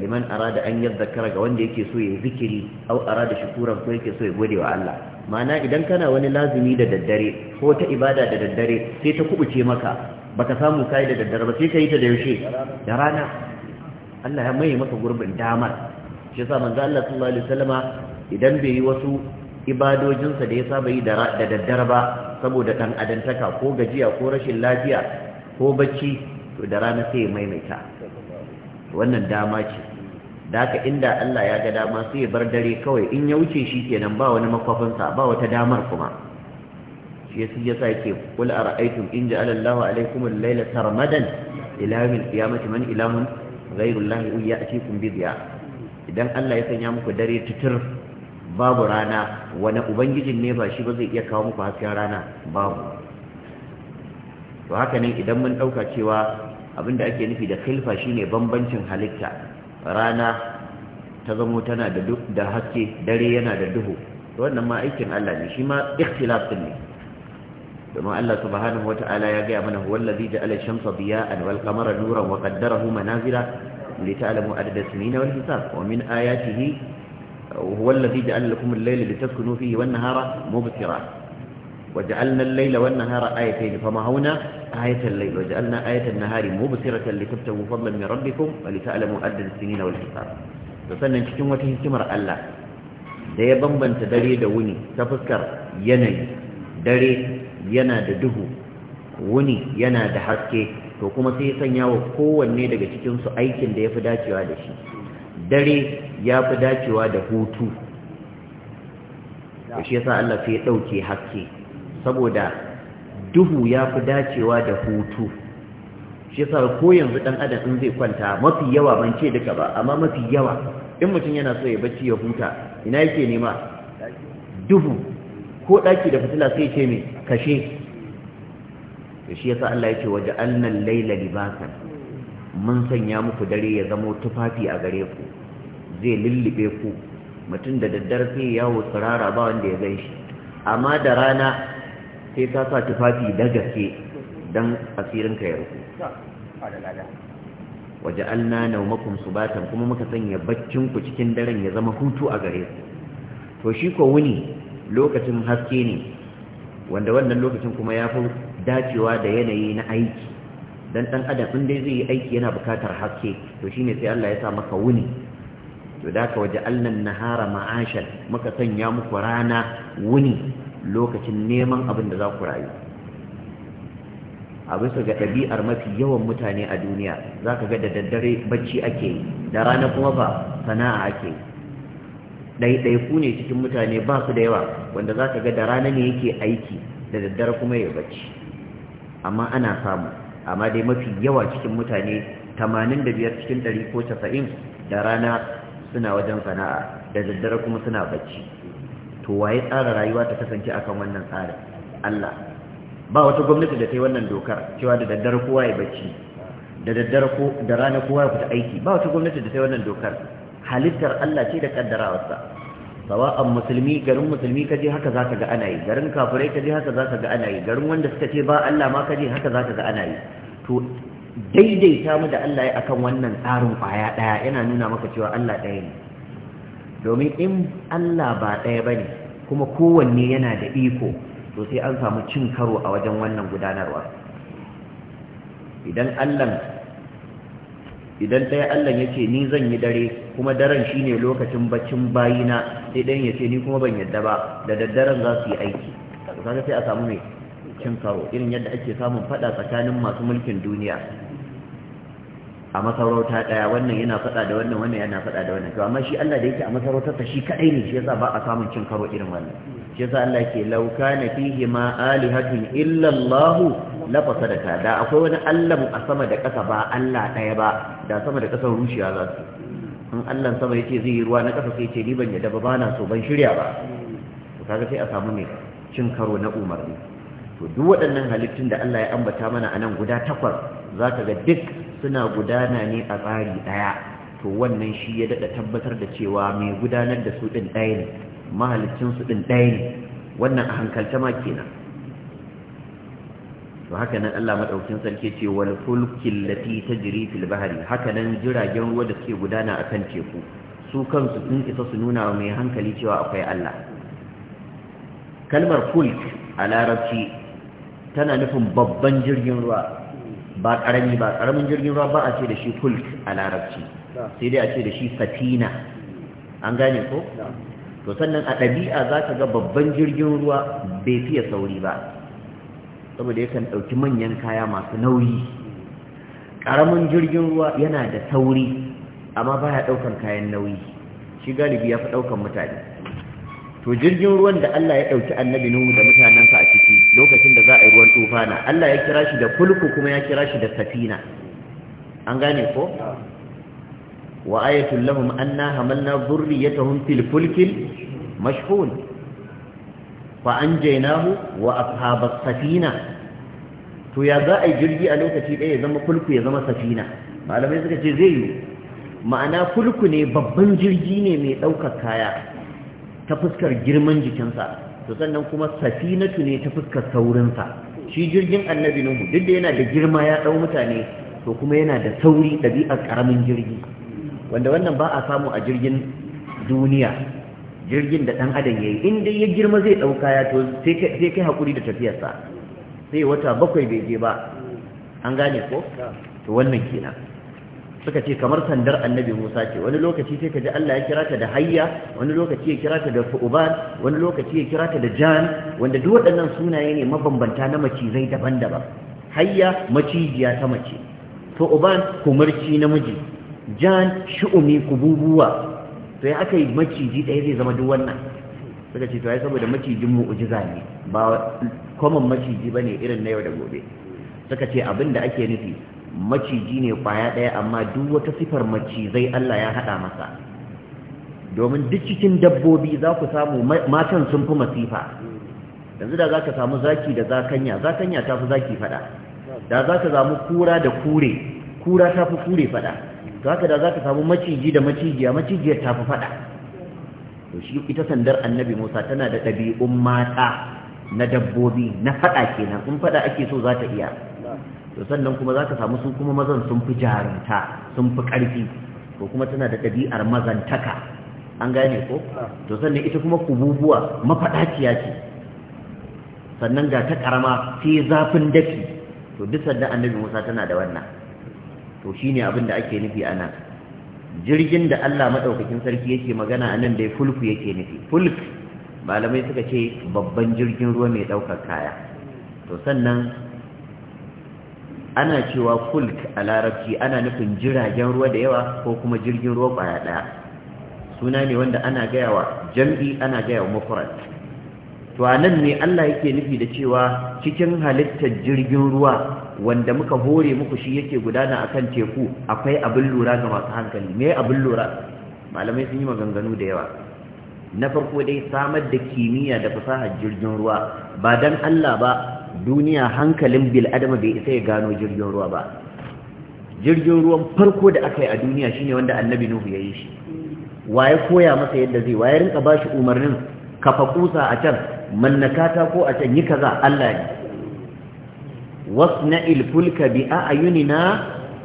[SPEAKER 1] liman arada an yadhakkara ga wanda yake so ya zikiri aw arada shukura ko yake so ya gode wa Allah ma'ana idan kana wani lazumi da daddare ko ta ibada da daddare sai ta kubuce maka baka samu kai da daddare ba sai ka ta da yaushe da rana Allah ya mai maka gurbin damar shi yasa manzo Allah sallallahu alaihi wasallama idan bai yi wasu ibadojinsa da ya saba yi da daddare ba saboda dan adantaka ko gajiya ko rashin lafiya ko bacci to da rana sai ya maimaita wannan dama ce da haka inda Allah ya ga dama sai ya bar dare kawai in ya wuce shi kenan ba wani makwafinsa ba wata damar kuma shi yasa yasa yake kul ara'aytum in ja'ala Allahu alaykum al-layla sarmadan ila yawm qiyamati man ilahun ghayru Allahi ya'tikum bi dhiya idan Allah ya sanya muku dare tutur babu rana wani ubangijin ne ba shi ba zai iya kawo muku hasken rana babu to haka ne idan mun dauka cewa abinda ake nufi da khilfa shine bambancin halitta rana ta zamo tana da duk haske dare yana da duhu wannan ma aikin Allah ne shi ma ikhtilaf ne domin Allah subhanahu wata'ala ya gaya mana huwa allazi ja'ala shamsa diya'an wal qamara nuran wa qaddarahu manazila li ta'lamu adada sinina wal hisab wa min ayatihi huwa allazi ja'ala lakum al-layla litaskunu fihi wan nahara mubsira وجعلنا الليل والنهار آيتين فمهونا آية الليل وجعلنا آية النهار مبصرة لتبتغوا فضلا من ربكم ولتعلموا عدد السنين والحساب فسنن cikin wata hikimar Allah da ya bambanta dare da wuni ta fuskar yanayi dare yana da duhu wuni yana da haske to kuma sai ya sanya kowanne daga cikin su aikin da ya fi dacewa da dare ya fi dacewa da hutu shi yasa Allah sai ya dauke haske saboda duhu ya fi dacewa da hutu shi sa ko yanzu dan adam in zai kwanta mafi yawa ban ce duka ba amma mafi yawa in mutum yana so ya bacci ya huta ina yake nema duhu ko daki da fitila sai ce me kashe to shi yasa Allah yake waje annal laila libasan mun sanya muku dare ya zamo tufafi a gare ku zai lullube ku mutum da daddare sai yawo tsirara ba wanda ya gan shi amma da rana sai ta sa tufafi da gaske don asirinka ya rufu waje makon su batan kuma muka sanya ku cikin daren ya zama hutu a gare ku to shi ko wuni lokacin haske ne wanda wannan lokacin kuma ya fi dacewa da yanayi na aiki don ɗan adam in dai zai yi aiki yana bukatar haske to shi ne sai Allah ya sa maka wuni to da waje allan nahara ma'ashan muka sanya muku rana wuni lokacin neman abin da za ku rayu a bisa ga ɗabi'ar mafi yawan mutane a duniya za ka ga da daddare bacci ake yi da rana kuma ba sana'a ake yi ɗaiɗaiku ne cikin mutane ba su da yawa wanda za ka ga da rana ne yake aiki da daddare kuma ya bacci amma ana samu amma dai mafi yawa cikin mutane 85 cikin 190 ko casa'in da rana suna wajen sana'a da daddare kuma suna bacci to waye tsara rayuwa ta kasance akan wannan tsarin Allah ba wata gwamnati da ta yi wannan dokar cewa da daddare kowa ya bacci da daddare ko da rana kowa ya fita aiki ba wata gwamnati da ta yi wannan dokar halittar Allah ce da kaddarawarsa sawa'an musulmi garin musulmi kaje haka zaka ga ana yi garin kafirai kaje haka zaka ga ana yi garin wanda suka ce ba Allah ma kaje haka zaka ga ana yi to daidaita mu da Allah ya akan wannan tsarin kwaya daya yana nuna maka cewa Allah ɗaya ne domin in Allah ba ɗaya ba ne kuma kowanne yana da iko to sai an samu cin karo a wajen wannan gudanarwa idan Allah idan ɗaya Allah ya ce ni zan yi dare kuma daren shi ne lokacin baccin bayina sai ɗayan ya ce ni kuma ban yadda ba da daddaren za su yi aiki kaga sai a samu mai cin karo irin yadda ake samun faɗa tsakanin masu mulkin duniya a masarauta daya wannan yana fada da wannan wannan yana fada da wannan to amma shi Allah da yake a ta shi kadai ne shi yasa ba a samun cin karo irin wannan shi yasa Allah yake law kana fihi ma alihatun illa Allah la fasadata da akwai wani Allah a sama da ƙasa ba Allah daya ba da sama da ƙasa rushiya za su in Allah sama yake zai yi ruwa na ƙasa sai ce ni ban yadda ba bana so ban shirya ba to kaga sai a samu mai cin karo na umarni to duk waɗannan halittun da Allah ya ambata mana a nan guda takwas za ka ga duk suna gudana ne a tsari ɗaya to wannan shi ya daɗa tabbatar da cewa mai gudanar da su ɗin ɗaya ne mahalicin su ɗin ɗaya ne wannan a hankalta ma kenan to haka nan Allah maɗaukin sarki ce wal fulkin lati tajri fil bahari, haka nan jiragen ruwa da suke gudana akan teku su kansu sun isa su nuna mai hankali cewa akwai Allah kalmar fulk a larabci tana nufin babban jirgin ruwa ba karami ba karamin jirgin ruwa ba a ce da shi fulk a larabci sai dai a ce da shi satina an gane ko to sannan a ɗabi'a za ka ga babban jirgin ruwa bai fiye sauri ba saboda ya kan ɗauki manyan kaya masu nauyi ƙaramin jirgin ruwa yana da sauri amma baya ɗaukan kayan nauyi shi galibi ya fi ɗaukan mutane to jirgin ruwan da Allah ya ɗauki annabi Nuhu da mutanensa a ciki lokacin da za a yi ruwan tufana Allah ya kira shi da fulku kuma ya kira shi da safina an gane ko wa ayatul lahum anna hamalna dhurriyyatahum fil fulkil mashhun fa anjaynahu wa ashabas safina to ya za a yi jirgi a lokaci ɗaya ya zama fulku ya zama safina malamai suka ce zai yi ma'ana fulku ne babban jirgi ne mai ɗaukar kaya ta fuskar girman jikinsa to sannan kuma safinatu ne ta fuskar saurinsa shi jirgin annabi nuhu duk da yana da girma ya dau mutane to kuma yana da sauri ɗabi'ar karamin jirgi wanda wannan ba a samu a jirgin duniya jirgin da ɗan adam ya in dai ya girma zai ɗauka ya to sai kai haƙuri da tafiyarsa sai wata bakwai bai je ba an gane ko to wannan kenan suka ce kamar sandar annabi Musa ce wani lokaci sai ka ji Allah ya kira ta da hayya wani lokaci ya kira ta da fu'uban wani lokaci ya kira ta da jan wanda duk waɗannan sunaye ne mabambanta na macizai daban-daban hayya macijiya ta mace fu'uban kumarci namiji jan shu'umi kububuwa to ya aka yi maciji ɗaya zai zama duk wannan suka ce to ai saboda macijin mu'ujiza ne ba common maciji ba ne irin na yau da gobe suka ce abin da ake nufi maciji ne kwaya ɗaya amma duk wata sifar macizai Allah ya haɗa masa domin duk cikin dabbobi za ku samu matan sun fi masifa yanzu da za ka samu zaki da zakanya zakanya ta fi zaki faɗa da za ka samu kura da kure kura ta fi kure faɗa za ka da za ka samu maciji da macijiya macijiyar ta fi faɗa to shi ita sandar annabi musa tana da ɗabi'un mata na dabbobi na faɗa kenan in faɗa ake so za ta iya to sannan kuma za ka samu su kuma mazan sun fi jarumta sun fi ƙarfi ko kuma tana da ɗabi'ar mazantaka an gane ko to sannan ita kuma kububuwa mafaɗaciya ce sannan ga ta ƙarama sai zafin dafi to duk sannan annabi musa tana da wannan to shine abin da ake nufi a nan jirgin da allah maɗaukakin sarki yake magana a nan dai fulku yake nufi fulk malamai suka ce babban jirgin ruwa mai ɗaukar kaya to sannan ana cewa fulk a larabci ana nufin jiragen ruwa da yawa ko kuma jirgin ruwa kwaya ɗaya suna ne wanda ana gaya wa jam'i ana gaya wa mafarat to a nan ne Allah yake nufi da cewa cikin halittar jirgin ruwa wanda muka hore muku shi yake gudana a kan teku akwai abin lura ga masu hankali me abin lura malamai sun yi maganganu da yawa na farko dai samar da kimiyya da fasahar jirgin ruwa ba dan Allah ba duniya hankalin bil adama bai isa ya gano jirgin ruwa ba jirgin ruwan farko da aka yi a duniya shine wanda annabi nuhu ya yi shi waye koya masa yadda zai waye rinka ba shi umarnin kafa kusa a can mannakata ko a can yi kaza Allah ne wasna'il fulka bi a'yunina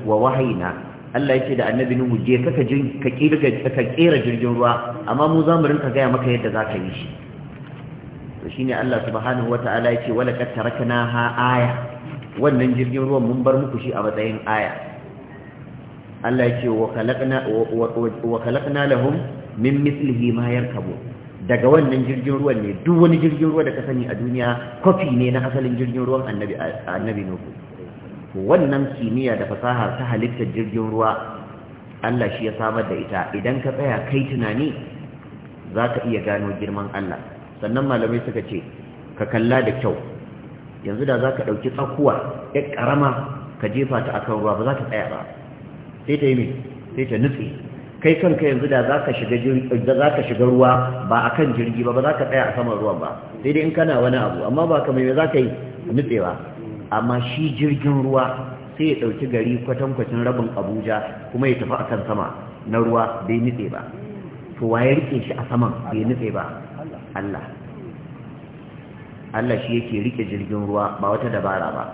[SPEAKER 1] wa wahayina Allah yake da annabi nuhu je kaka jin ka kira ka kera jirgin ruwa amma mu za mu rinka gaya maka yadda za ka yi shi to shine Allah subhanahu wata'ala yake wala kad taraknaha aya wannan jirgin ruwan mun bar muku shi a matsayin aya Allah ce wa khalaqna wa khalaqna lahum min mithlihi ma yarkabu daga wannan jirgin ruwan ne duk wani jirgin ruwa da ka sani a duniya kofi ne na asalin jirgin ruwan annabi annabi nuhu wannan kimiyya da fasaha ta halittar jirgin ruwa Allah shi ya samar da ita idan ka tsaya kai tunani za ka iya gano girman Allah sannan malamai suka ce ka kalla da kyau yanzu da za ka ɗauki tsakuwa ya ƙarama ka jefa ta akan ruwa ba za ta tsaya ba sai ta yi min sai ta nutse kai kanka yanzu da za ka shiga ruwa ba a kan jirgi ba ba za ka tsaya a saman ruwan ba sai dai in kana wani abu amma ba kamar mai za ka yi nutsewa amma shi jirgin ruwa sai ya ɗauki gari kwatankwacin rabin abuja kuma ya tafi akan sama na ruwa bai nutse ba to ya riƙe shi a saman bai nutse ba Allah Allah shi yake rike jirgin ruwa ba wata dabara ba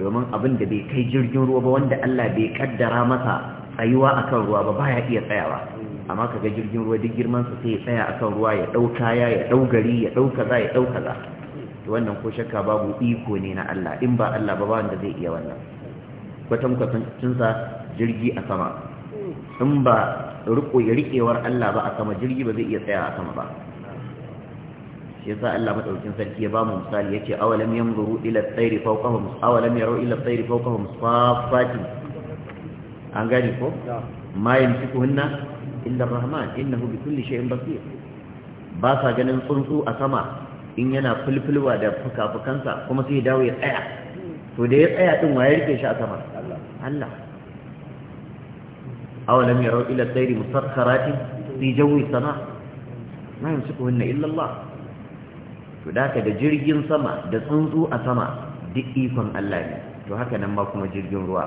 [SPEAKER 1] domin abin da bai kai jirgin ruwa ba wanda Allah bai kaddara masa tsayuwa akan ruwa ba baya iya tsayawa amma kaga jirgin ruwa duk girman sa sai ya tsaya akan ruwa ya dauka ya ya daugari ya dauka za ya dauka za wannan ko shakka babu iko ne na Allah in ba Allah ba ba wanda zai iya wannan kwatankwacin sa jirgi a sama in ba riko ya rikewar Allah ba a sama jirgi ba zai iya tsaya a sama ba shi yasa Allah madaukakin sarki ya bamu misali yace awalam yanzuru ila at-tayri fawqahum awalam yaru ila at-tayri fawqahum saffati an gani ko ma yamsikuhunna illa ar-rahman innahu bikulli shay'in basir ba sa ganin tsuntsu a sama in yana fulfulwa da fukafukansa kuma sai ya dawo ya tsaya to da ya tsaya din waye rike shi a sama Allah awalam yaru ila at-tayri musakhkharatin fi jawi sama ma yamsikuhunna illa Allah to da da jirgin sama da tsuntsu a sama duk ikon Allah ne to haka nan ma kuma jirgin ruwa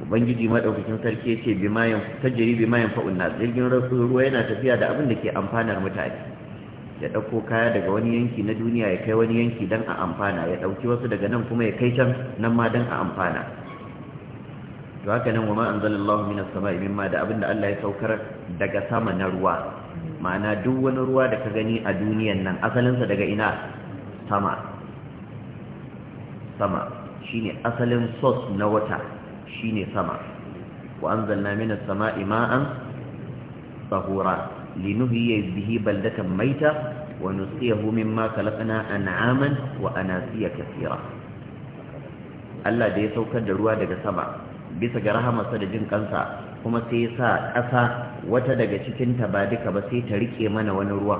[SPEAKER 1] ubangiji madaukakin sarki yace bimayan tajri bimayan fa'un na jirgin ruwa yana tafiya da abin da ke amfanar mutane ya dauko kaya daga wani yanki na duniya ya kai wani yanki dan a amfana ya dauki wasu daga nan kuma ya kai can nan ma dan a amfana to haka nan wa wama anzalallahu minas sama'i mimma da abin da Allah ya saukar daga sama na ruwa ma'ana duk wani ruwa da ka gani a duniyan nan asalinsa daga ina sama sama shine asalin source na wata shine sama wa anzalna minas sama'i ma'an tahura linuhyiya bihi baldatan maita wa nusqiyahu mimma khalaqna an'aman wa anasiya kathira Allah da ya saukar da ruwa daga sama bisa ga rahamarsa da jin kansa kuma sai ya sa ƙasa wata daga cikinta ba duka ba sai ta rike mana wani ruwa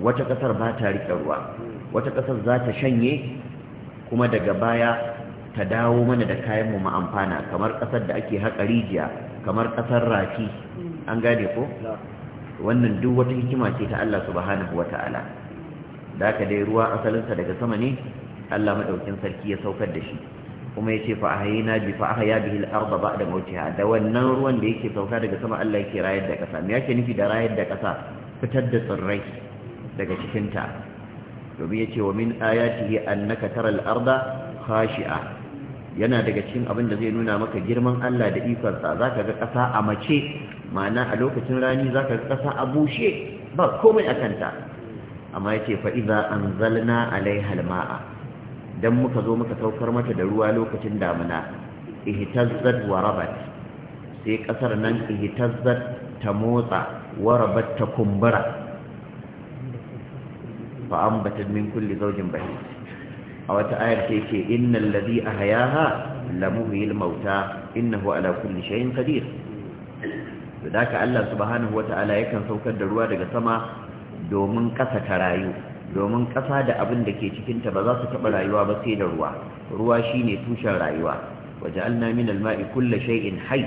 [SPEAKER 1] wata ƙasar ba ta rike ruwa wata ƙasar za ta shanye kuma daga baya ta dawo mana da kayan mu amfana kamar ƙasar da ake haƙa rijiya kamar ƙasar rafi an gane ko wannan duk wata hikima ce ta Allah subhanahu wata'ala da aka dai ruwa asalinsa daga sama ne Allah madaukin sarki ya saukar da shi kuma yace fa na bi fa ahya bihi al-ard da mawtiha da wannan ruwan da yake sauka daga sama Allah yake rayar da kasa me yake nufi da rayar da kasa fitar da tsirrai daga cikin ta domin yace wa min ayatihi annaka tara al-arda yana daga cikin abin da zai nuna maka girman Allah da ikonsa zaka ga kasa a mace ma'ana a lokacin rani zaka ga kasa a bushe ba komai a kanta amma ya ce fa'iza anzalna zalna alai halma'a. dan muka zo muka saukar mata da ruwa lokacin damina ihtazzat wa rabat sai kasar nan ihtazzat ta motsa wa rabat ta kumbura fa ambatat min kulli zawjin bahij a wata ayar sai ce innal ladhi ahyaha lamuhyil mauta innahu ala kulli shay'in qadir da ka Allah subhanahu wataala yakan saukar da ruwa daga sama domin kasa ta rayu domin ƙasa da abin da ke cikinta ba za su taɓa rayuwa ba sai da ruwa ruwa shine tushen rayuwa waje na min alma'i kulla shay'in hai.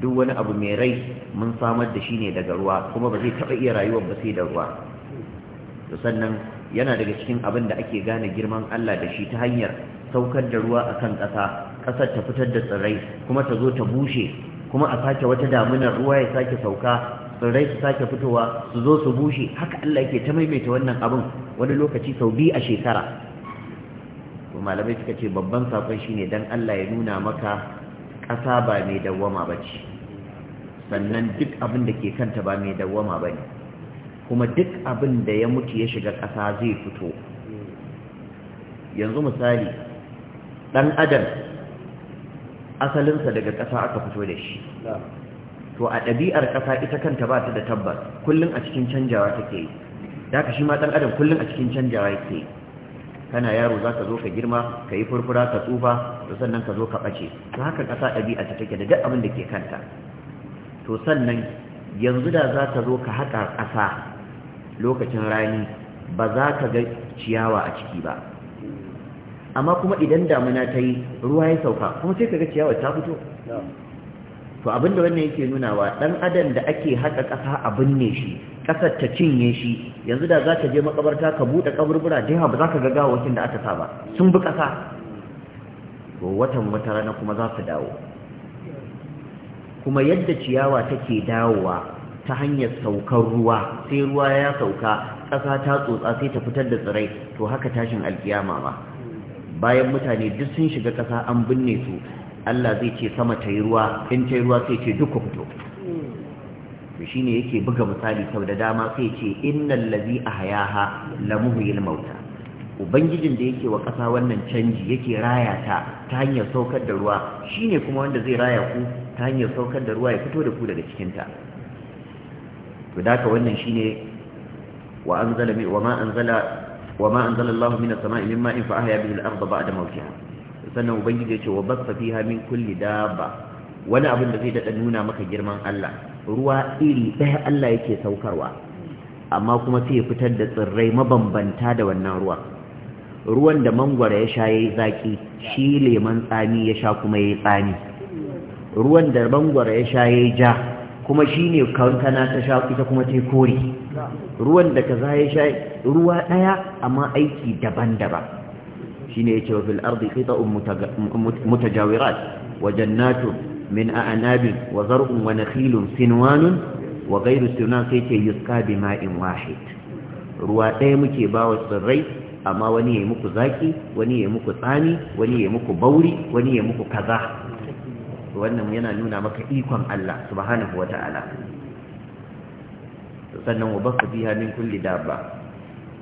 [SPEAKER 1] duk wani abu mai rai mun samar da shi ne daga ruwa kuma ba zai taɓa iya rayuwa ba sai da ruwa to sannan yana daga cikin abin da ake gane girman Allah da shi ta hanyar saukar da ruwa a kan ƙasa ƙasar ta fitar da tsirrai kuma ta zo ta bushe kuma a sake wata damunar ruwa ya sake sauka tsirrai su sake fitowa su zo su bushe haka Allah yake ta maimaita wannan abin wani lokaci sau biyu a shekara to malamai suka ce babban sakon shine dan Allah ya nuna maka ƙasa ba mai dawwama ba ce sannan duk abin da ke kanta ba mai dawwama ba ne kuma duk abin da ya mutu ya shiga ƙasa zai fito yanzu misali ɗan adam asalinsa daga ƙasa aka fito da shi to a ɗabi'ar ƙasa ita kanta ba ta da tabbas kullum a cikin canjawa take yi da haka shi ma dan adam kullum a cikin canjawa yake kana yaro zaka zo ka girma ka yi furfura ka tsufa to sannan ka zo ka bace to haka kasa ɗabi'a ta take da duk abin da ke kanta to sannan yanzu da zaka zo ka haƙa ƙasa lokacin rani ba za ka ga ciyawa a ciki ba amma kuma idan damuna ta yi ruwa ya sauka kuma sai ka ga ciyawa ta fito to abinda wannan yake nunawa ɗan adam da ake haƙa ƙasa a binne shi ƙasar ta cinye shi yanzu da za ka je makabarta ka buɗe kaburbura jiha ba za ka ga gawakin da aka saba sun bi ƙasa ko watan wata rana kuma za su dawo kuma yadda ciyawa take dawowa ta hanyar saukar ruwa sai ruwa ya sauka ƙasa ta tsotsa sai ta fitar da tsirai to haka tashin alkiyama ba bayan mutane duk sun shiga ƙasa an binne su Allah zai ce sama ta yi ruwa in ta yi ruwa sai ce duk ku fito to shine yake buga misali sau da dama sai ce innal ladhi ahyaha lamuhyil mauta ubangijin da yake wa ƙasa wannan canji yake raya ta ta hanyar saukar da ruwa shine kuma wanda zai raya ku ta hanyar saukar da ruwa ya fito da ku daga cikinta ta to daka wannan shine wa anzala min wa ma anzala wa ma anzala Allah min as-sama'i ma'in fa ahya bihi al-ardha ba'da mawtiha sannan ubangiji ya ce wa bassa fiha min kulli dabba wani abin da zai dada nuna maka girman Allah ruwa iri ɗaya Allah yake saukarwa amma kuma sai ya fitar da tsirrai mabambanta da wannan ruwan ruwan da mangwara ya sha ya yi zaƙi shi leman tsami ya sha kuma ya yi tsami ruwan da mangwara ya sha ya yi ja kuma shi ne kankana ta sha ita kuma ta kore ruwan da kaza ya sha ruwa ɗaya amma aiki daban-daban shi ne ya ce wa fil ardi qita'un mutajawirat wa jannatun min a'nabin wa zar'un wa nakhilun sinwanun wa ghayru sinan sai ce yusqa bima'in wahid ruwa ɗaya muke bawa tsirrai amma wani yayi muku zaki wani yayi muku tsami wani yayi muku bauri wani yayi muku kaza wannan yana nuna maka ikon Allah subhanahu wata'ala sannan wa baka biya min kulli dabba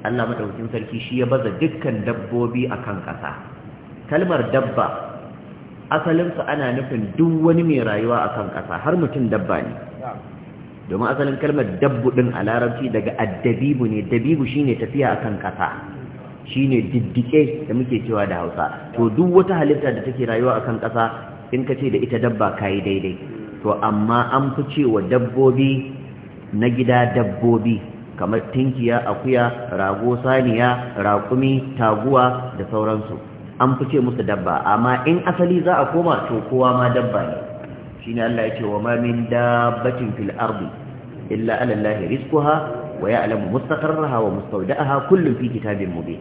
[SPEAKER 1] Allah madaukakin sarki shi ya baza dukkan dabbobi akan ƙasa kalmar dabba asalinsu ana nufin duk wani mai rayuwa akan kan ƙasa har mutum dabba ne domin asalin kalmar dabbu ɗin a larabci daga addabibu ne dabibu shine tafiya akan kan ƙasa shine diddike da muke cewa da hausa to duk wata halitta da take rayuwa akan kan ƙasa in ka ce da ita dabba ka yi daidai to amma an fi cewa dabbobi na gida dabbobi kamar tinkiya akuya rago saniya raƙumi taguwa da sauransu an fice musu dabba amma in asali za a koma to kowa ma dabba ne shine Allah ya ce wa ma min dabbatin fil ardi illa ala Allah rizquha wa ya'lamu mustaqarraha wa mustawda'aha kullun fi kitabin mubin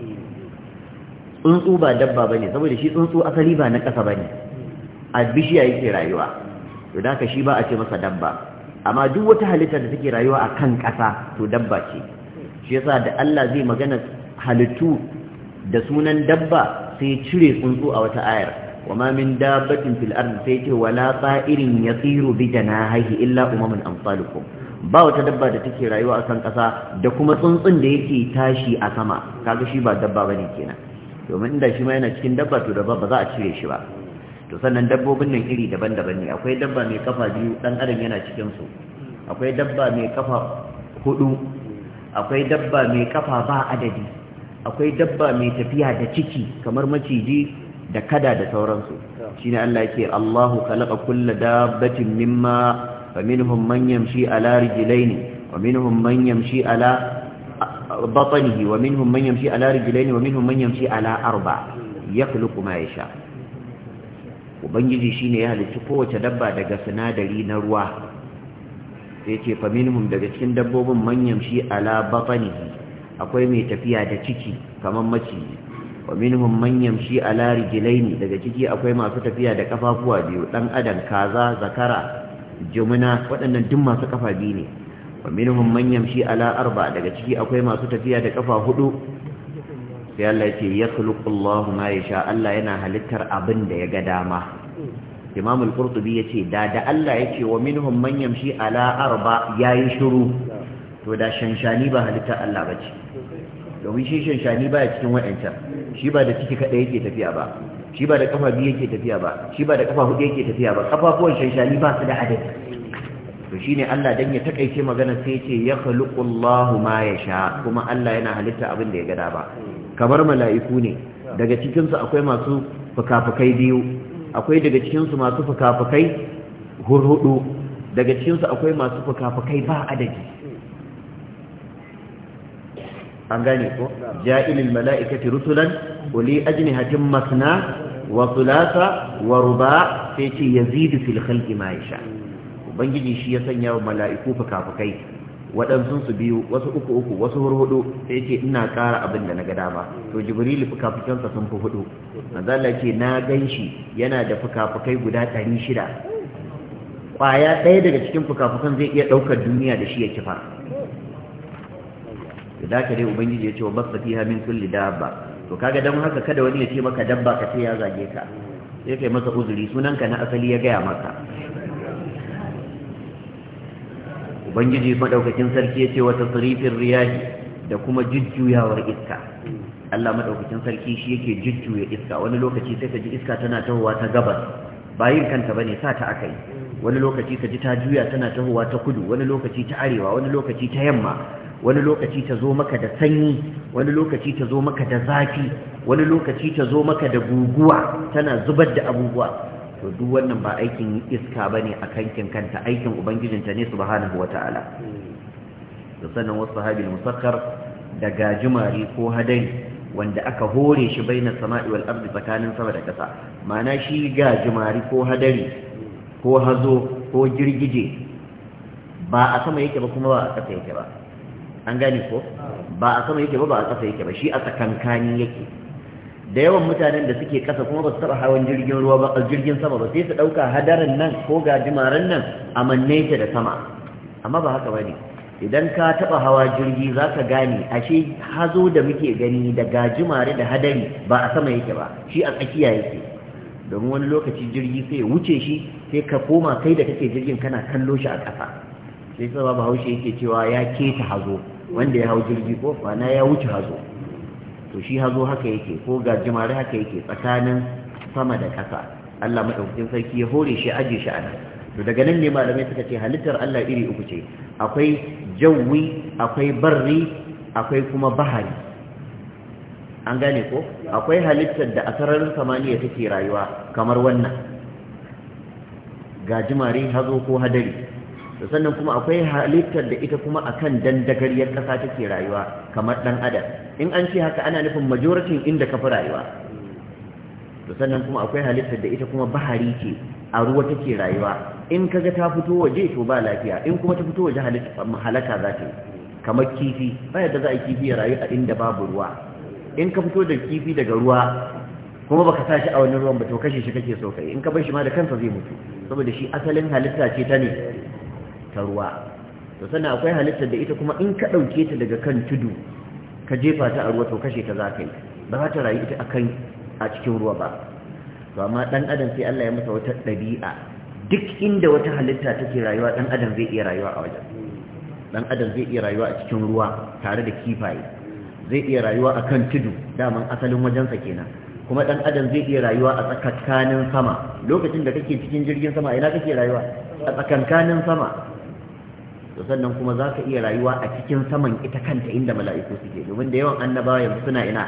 [SPEAKER 1] tsuntsu ba dabba bane saboda shi tsuntsu asali ba na kasa bane a bishiya yake rayuwa to da ka shi ba a ce masa dabba amma duk wata halitta da take rayuwa a kan ƙasa to dabba ce shi yasa da Allah zai magana halittu da sunan dabba sai cire tsuntsu a wata ayar wa ma min dabbatin fil ardi sai ce wala ta'irin yatiru bi janahihi illa umamun amsalukum ba wata dabba da take rayuwa a kan kasa da kuma tsuntsun da yake tashi a sama kaga shi ba dabba bane kenan domin inda shi ma yana cikin dabba to dabba ba za a cire shi ba to sannan dabbobin nan iri daban-daban ne akwai dabba mai kafa biyu dan adam yana cikin su akwai dabba mai kafa hudu akwai dabba mai kafa ba adadi akwai dabba mai tafiya da ciki kamar maciji da kada da sauransu Shi ne Allah ke, Allahu khalaqa kulla dabbatin mimma faminhum man yamshi ala rijlaini wa minhum man yamshi ala batnihi wa minhum man yamshi ala rijlaini wa minhum man yamshi ala arba yakhluqu ma yasha ubangiji shine ya halicci kowace dabba daga sinadari na ruwa sai ce faminhum daga cikin dabbobin man yamshi ala batnihi akwai mai tafiya da ciki kamar maciji wa minhum man yamshi ala rijlaini daga ciki akwai masu tafiya da kafafuwa biyu dan adam kaza zakara jumuna waɗannan duk masu kafa biyu ne wa minhum man yamshi ala arba daga ciki akwai masu tafiya da kafa hudu sai Allah ya ce yakhluqu Allahu ma yasha Allah yana halittar abin da ya ga dama Imam al-Qurtubi yace da da Allah yake wa minhum man yamshi ala arba yayi shiru to da shanshani ba halittar Allah bace domin shi shanshani baya cikin wa'ancan shi ba da ciki kaɗai yake tafiya ba shi ba da kafa biyu yake tafiya ba shi ba da kafa hudu yake tafiya ba kafafuwan shanshani ba su da adadi to shine Allah dan ya takaice magana sai yace ya khaluqullahu ma yasha kuma Allah yana halitta abin da ya gada ba kamar mala'iku ne daga cikin su akwai masu fukafukai biyu akwai daga cikin su masu fukafukai hurhudu daga cikin su akwai masu fukafukai ba adadi an gane ko ja'ilil mala'ikati rusulan uli ajnihatin masna wa thulatha wa ruba sai ce yazidu fil khalqi ma yasha ubangiji shi ya sanya wa mala'iku fukafukai waɗansu su biyu wasu uku uku wasu hurhudu sai ce ina ƙara abin da na ga dama to jibrilu fukafukansa sun fi hudu manzala ce na ganshi yana da fukafukai guda ɗari shida ƙwaya ɗaya daga cikin fukafukan zai iya ɗaukar duniya da shi ya kifa da ka dai ubangiji ya ce wa basta fiha min kulli dabba to kaga dan haka kada wani ya ce maka dabba ka ce ya zage ka sai kai masa uzuri sunanka na asali ya gaya maka ubangiji madaukakin sarki ya ce wa tasrifin riyahi da kuma jujjuyawar iska Allah madaukakin sarki shi yake jujjuya iska wani lokaci sai ka ji iska tana tahowa ta gabas bayin kanta bane sa ta akai wani lokaci ka ji ta juya tana tahowa ta kudu wani lokaci ta arewa wani lokaci ta yamma wani lokaci ta zo maka da sanyi wani lokaci ta zo maka da zafi wani lokaci ta zo maka da guguwa tana zubar da abubuwa to duk wannan ba aikin iska bane a kankin kanta aikin ubangijinta ne subhanahu wataala da Sannan wasu sahabi musakkar da gajimari ko hadari wanda aka hore shi baina sama'i wal ardi tsakanin sama da ƙasa ma'ana shi gajimari ko hadari ko hazo ko girgije ba a sama yake ba kuma ba a ƙasa yake ba an gane ko ba a sama yake ba ba a ƙasa yake ba shi a tsakankani yake da yawan mutanen da suke ƙasa kuma ba su taɓa hawan jirgin ruwa ba jirgin sama ba sai su ɗauka hadarin nan ko gajimaren nan a manne ta da sama amma ba haka ba ne idan ka taɓa hawa jirgi za ka gane ashe hazo da muke gani da gajimare da hadari ba a sama yake ba shi a tsakiya yake domin wani lokaci jirgi sai ya wuce shi sai ka koma kai da kake jirgin kana kallo shi a ƙasa Sai tsaba bahaushe yake cewa ya keta hazo wanda ya hau jirgi ko na ya wuce hazo to shi hazo haka yake ko gajimare haka yake tsakanin sama da ƙasa Allah madaukakin sarki ya hore shi aje shi ana. to daga nan ne malamai suka ce halittar Allah iri uku ce akwai jawwi, akwai barri akwai kuma bahari an gane ko akwai halittar da a samaniya take rayuwa kamar wannan gajimare hazo ko hadari to sannan kuma akwai halittar da ita kuma akan dandagariyar kasa take rayuwa kamar ɗan adam in an ce haka ana nufin majoratin inda ka fi rayuwa to sannan kuma akwai halittar da ita kuma bahari ce a ruwa take rayuwa in kaga ta fito waje to ba lafiya in kuma ta fito waje halaka za ta kamar kifi ba yadda za a kifi ya rayu a inda babu ruwa in ka fito da kifi daga ruwa kuma baka sa shi a wani ruwan ba to kashe shi kake so kai in ka bar shi ma da kansa zai mutu saboda shi asalin halitta ce ta ne ta ruwa to sannan akwai halittar da ita kuma in ka ɗauke ta daga kan tudu ka jefa ta a ruwa to kashe ta za ka yi ba za ta rayu ita a kan a cikin ruwa ba to amma ɗan adam sai Allah ya masa wata ɗabi'a duk inda wata halitta take rayuwa ɗan adam zai iya rayuwa a wajen ɗan adam zai iya rayuwa a cikin ruwa tare da kifaye zai iya rayuwa a kan tudu daman asalin wajensa kenan kuma ɗan adam zai iya rayuwa a tsakanin sama lokacin da kake cikin jirgin sama ina kake rayuwa a tsakankanin sama to sannan kuma za ka iya rayuwa a cikin saman ita kanta inda mala'iku suke domin da yawan annabawa yanzu suna ina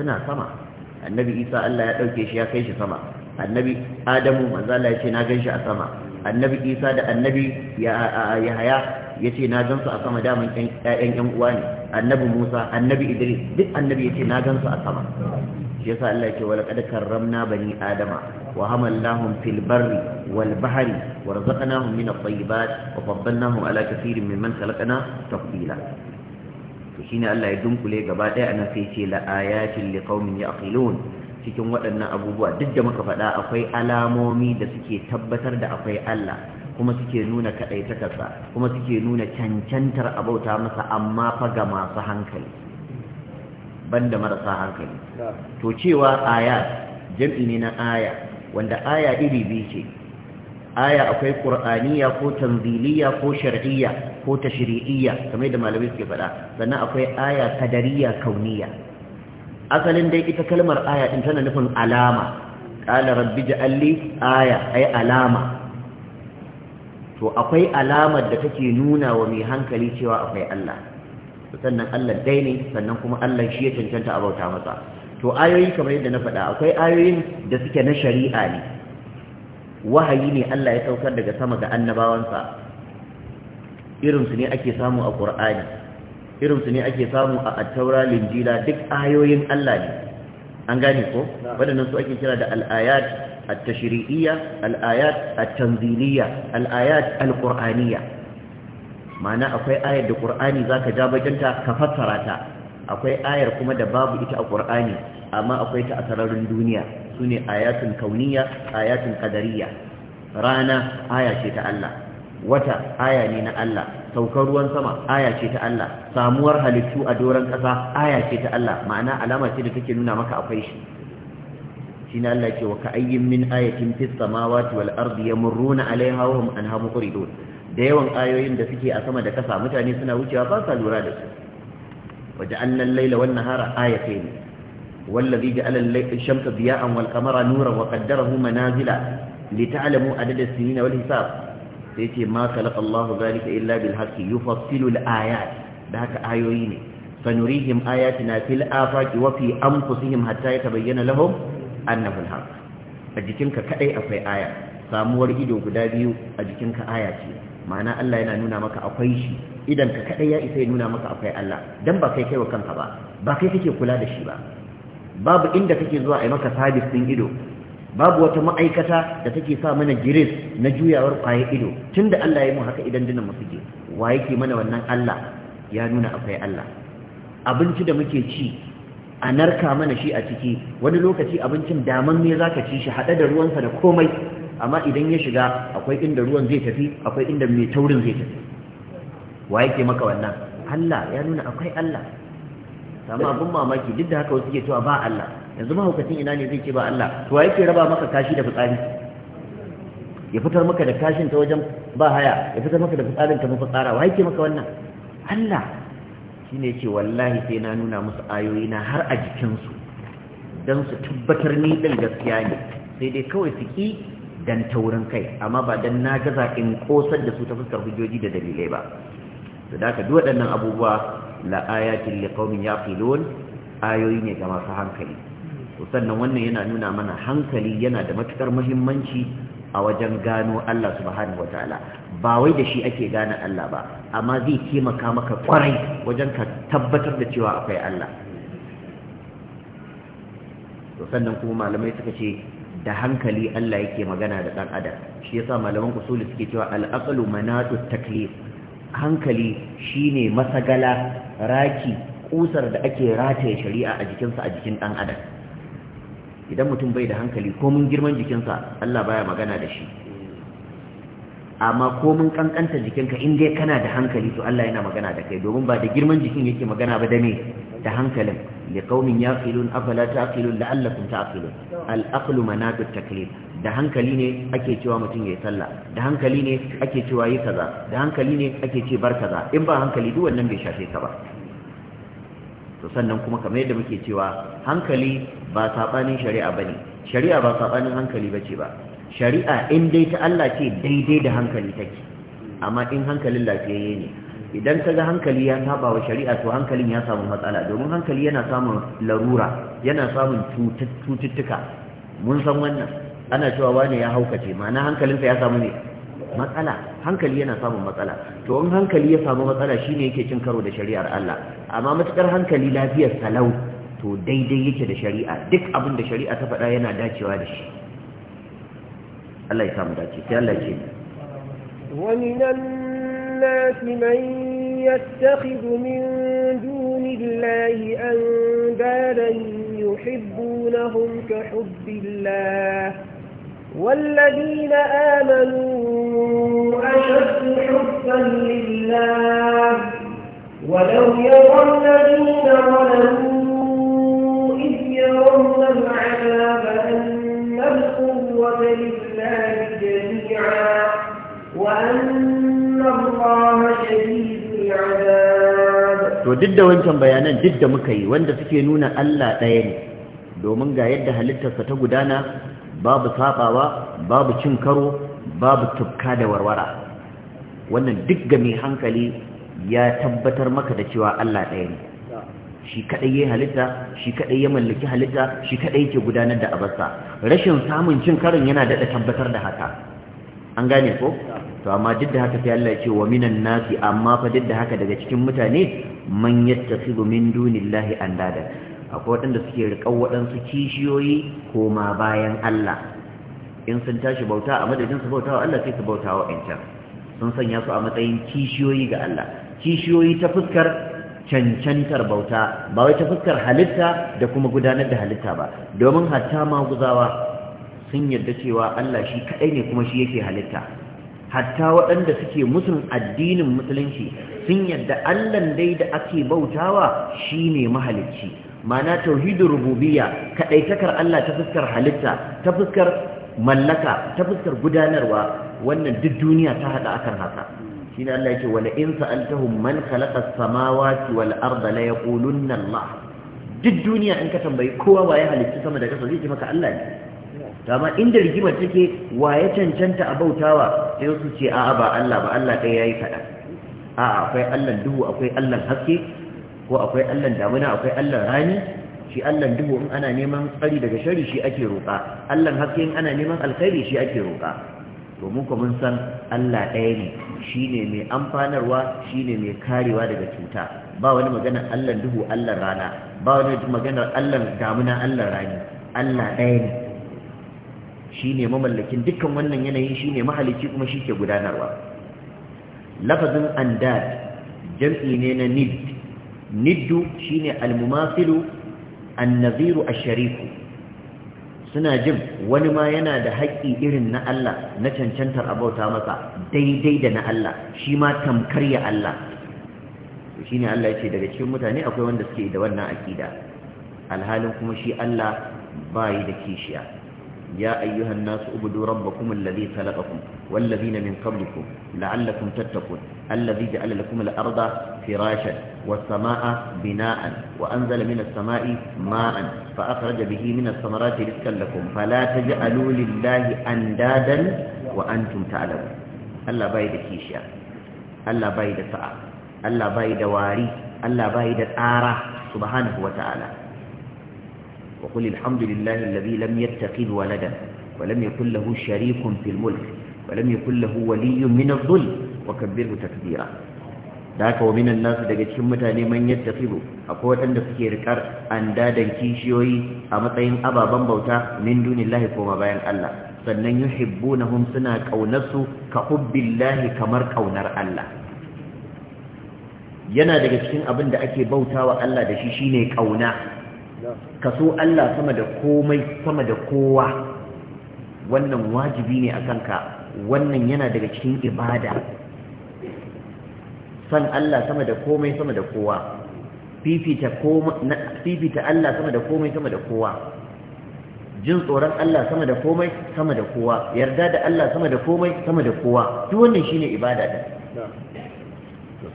[SPEAKER 1] suna sama annabi isa allah ya ɗauke shi ya kai shi sama annabi adamu manzo allah ya ce na gan shi a sama annabi isa da annabi yahaya ya ce na su a sama daman ƴaƴan ƴan uwa ne annabi musa annabi idris duk annabi ya ce na gansu a sama shi yasa Allah ke wala kad karramna bani adama wa hamalnahum fil barri wal bahri warzaqnahum min at-tayyibat wa faddalnahum ala kathirin mimman khalaqna tafdila to shine Allah ya dunkule gaba daya anan sai ce la ayatin liqaumin yaqilun cikin waɗannan abubuwa duk da muka faɗa akwai alamomi da suke tabbatar da akwai Allah kuma suke nuna kasa, kuma suke nuna cancantar abauta masa amma fa ga masu hankali banda marasa hankali to cewa aya jam'i ne na aya wanda aya iri biyu ce aya akwai qur'aniya ko tanziliya ko shar'iyya ko tashri'iyya kamar da malamai suke faɗa sannan akwai aya kadariya kauniya asalin dai ita kalmar aya din tana nufin alama qala rabbi ja'alli aya ay alama to akwai alamar da take nuna wa mai hankali cewa akwai Allah sannan Allah dai ne sannan kuma Allah shi ya cancanta a bauta masa to ayoyi kamar yadda na faɗa akwai ayoyin da suke na shari'a ne wahayi ne Allah ya saukar daga sama ga annabawansa irinsu ne ake samu a ƙur'ani irinsu ne ake samu a attaura linjila duk ayoyin Allah ne an gane ko waɗannan su ake kira da al'ayat التشريعية الآيات التنزيلية al القرآنية ma'ana akwai ayar da ƙur'ani za ka ja bakinta ka fassara ta akwai ayar kuma da babu ita a ƙur'ani amma akwai ta a sararin duniya su ne ayatun kauniya ayatun kadariya rana aya ce ta Allah wata aya ne na Allah saukar ruwan sama aya ce ta Allah samuwar halittu a doron ƙasa aya ce ta Allah ma'ana alama ce da take nuna maka akwai shi shi ne Allah ce wa ka'ayyin min ayatin fis samawati wal ardi yamurruna alaiha wa hum anha muqridun da yawan ayoyin da suke a sama da kasa mutane suna wucewa ba sa lura da su wajen annan laila wannan hara aya ce ne wallan zai ga alal shamsa biya an wal kamara nura wa kaddara hu manazila lita'alamu adadin sinina wal hisab sai ce ma khalaqa Allahu zalika illa bil haqqi yufassilu al ayat da haka ayoyi ne sanurihim ayatina fil afaqi wa fi anfusihim hatta bayyana lahum annahu al haqq a jikinka kadai akwai aya samuwar ido guda biyu a jikinka aya ce ma'ana Allah yana nuna maka akwai shi idan ka kaɗai ya isa ya nuna maka akwai Allah dan ba kai kai wa kanka ba ba kai kake kula da shi ba babu inda kake zuwa yi maka sabis ɗin ido babu wata ma'aikata da take sa mana giris na juyawar kwaye ido tunda Allah ya mu haka idan dinan mu suke wa yake mana wannan Allah ya nuna akwai Allah abinci da muke ci a narka mana shi a ciki wani lokaci abincin daman me zaka ci shi hada da ruwansa da komai amma idan ya shiga akwai inda ruwan zai tafi akwai inda mai taurin zai tafi wa yake maka wannan Allah ya nuna akwai Allah amma abin mamaki duk da haka wasu ke cewa ba Allah yanzu hukacin ina ne zai ce ba Allah to wa yake raba maka kashi da fitsari ya fitar maka da kashin ta wajen ba haya ya fitar maka da fitsarin ta mafitsara wa yake maka wannan Allah shi ne ce wallahi sai na nuna musu ayoyi na har a jikinsu don su tabbatar ni ɗin gaskiya ne sai dai kawai su ƙi dan taurin kai amma ba dan na gaza in kosar da su ta fuskar hujjoji da dalilai ba to da ka duk waɗannan abubuwa la ya liqaumin yaqilun ayoyi ne ga masu hankali to sannan wannan yana nuna mana hankali yana da matukar muhimmanci a wajen gano Allah subhanahu wataala ba wai da shi ake gane Allah ba amma zai taimaka maka kwarai wajen ka tabbatar da cewa akwai Allah to sannan kuma malamai suka ce da hankali Allah yake magana da ɗan adam shi yasa malaman usuli suke cewa al al-aqlu manatu taklif hankali shine masagala raki kusar da ake rataye shari'a a jikinsa a jikin ɗan adam idan mutum bai da hankali ko mun girman jikinsa Allah baya magana da shi amma ko mun kankanta jikinka in dai kana da hankali to Allah yana magana da kai domin ba da girman jikin yake magana ba da me da hankalin لقوم يعقلون afala تعقلون لعلكم تعقلون al-aqlu التكليف da hankali ne ake cewa mutum yayi sallah da hankali ne ake cewa yi kaza da hankali ne ake ce bar kaza in ba hankali duk wannan bai shafe ka ba to sannan kuma kamar yadda muke cewa hankali ba sabanin shari'a bane shari'a ba sabanin hankali bace ba shari'a in dai ta Allah ce daidai da hankali take amma in hankalin lafiyayye ne idan ga hankali ya saba wa shari'a to hankalin ya samu matsala domin hankali yana samun larura yana samun cututtuka mun san wannan ana cewa wane ya haukace ma'ana hankalinsa ya samu ne matsala hankali yana samun matsala to in hankali ya samu matsala shine yake cin karo da shari'ar Allah amma matukar hankali lafiyar salau to daidai yake da shari'a duk abin da shari'a ta faɗa yana dacewa da shi Allah ya samu dace sai Allah ya ce
[SPEAKER 3] wa minan الناس من يتخذ من دون الله أندادا يحبونهم كحب الله والذين آمنوا أشد حبا لله ولو يرى الذين ظلموا إذ يرون العذاب أن القوة لله جميعا to
[SPEAKER 1] duk da wancan bayanan duk da muka yi wanda suke nuna Allah ɗaya ne domin ga yadda halittarsa ta gudana babu sabawa babu cin karo babu tufka da warwara wannan duk ga mai hankali ya tabbatar maka da cewa Allah ɗaya ne shi kaɗai ya halitta shi kaɗai ya mallaki halitta shi kaɗai yake gudanar da abarsa rashin samun cin karin yana daɗa tabbatar da haka an gane ko to amma duk da haka sai Allah ya ce wa minan nasi amma fa duk da haka daga cikin mutane man yattasibu min dunillahi andada akwai waɗanda suke riƙau waɗansu kishiyoyi ko ma bayan Allah in sun tashi bauta a madadin su bauta wa Allah sai su bauta wa ƴancan sun sanya su a matsayin kishiyoyi ga Allah kishiyoyi ta fuskar cancantar bauta ba wai ta fuskar halitta da kuma gudanar da halitta ba domin hatta ma guzawa sun yarda cewa Allah shi kaɗai ne kuma shi yake halitta hatta waɗanda suke musulun addinin musulunci sun yadda allan dai da ake bautawa shine mahalicci mana tauhidin kaɗai takar allah ta fuskar halitta ta fuskar mallaka ta fuskar gudanarwa wannan duk duniya ta haɗa akan haka shi ne allah yake wala in sa'altahum man khalaqa as-samawati wal arda la yaqulunna allah duk duniya in ka tambayi kowa ya halicci sama da kasa zai ce maka allah ne amma inda rigimar take wa ya cancanta a bautawa sai su ce a'a ba Allah ba Allah ɗaya yayi kaɗan a'a akwai Allah duhu akwai Allah haske ko akwai Allah damuna akwai Allah rani shi Allah duhu in ana neman tsari daga shari shi ake roƙa Allah haske in ana neman alkhairi shi ake roƙa to mun mun san Allah ɗaya ne shine mai amfanarwa shine mai karewa daga cuta ba wani magana Allah duhu Allah rana ba wani magana Allah damuna Allah rani Allah ɗaya ne shine mamallakin dukkan wannan yanayin shine mahalicci kuma shi ke gudanarwa lafazin andad jam'i ne na nid niddu shine almumasilu annaziru ashariku suna jin wani ma yana da haƙƙi irin na Allah na cancantar abauta masa daidai da na Allah shi ma tamkar ya Allah shi ne Allah ya ce daga cikin mutane akwai wanda suke da wannan aƙida alhalin kuma shi Allah bayi da kishiya يا أيها الناس أبدوا ربكم الذي خلقكم والذين من قبلكم لعلكم تتقون الذي جعل لكم الأرض فراشا والسماء بناء وأنزل من السماء ماء فأخرج به من الثمرات رزقا لكم فلا تجعلوا لله أندادا وأنتم تعلمون ألا بايد كيشيا ألا بايد سعى ألا بايد واري ألا بايد آرة سبحانه وتعالى وقل الحمد لله الذي لم يتخذ ولدا ولم يكن له شريك في الملك ولم يكن له ولي من الظلم وكبره تكبيرا ذاك ومن الناس daga cikin mutane man yattafilu akwai waɗanda suke rikar andadan kishiyoyi a matsayin ababen bauta min dunillahi bayan Allah sannan yuhibbunahum suna kaunarsu ka hubbillahi kamar kaunar Allah yana daga cikin abin da ake bautawa Allah da shi shine kauna ka so Allah sama da komai sama da kowa wannan wajibi ne a kanka wannan yana daga cikin ibada san Allah sama da komai sama da kowa fifita Allah sama da komai sama da kowa jin tsoron Allah sama da komai sama da kowa yarda da Allah sama da komai sama da kowa duk wannan shine ibada da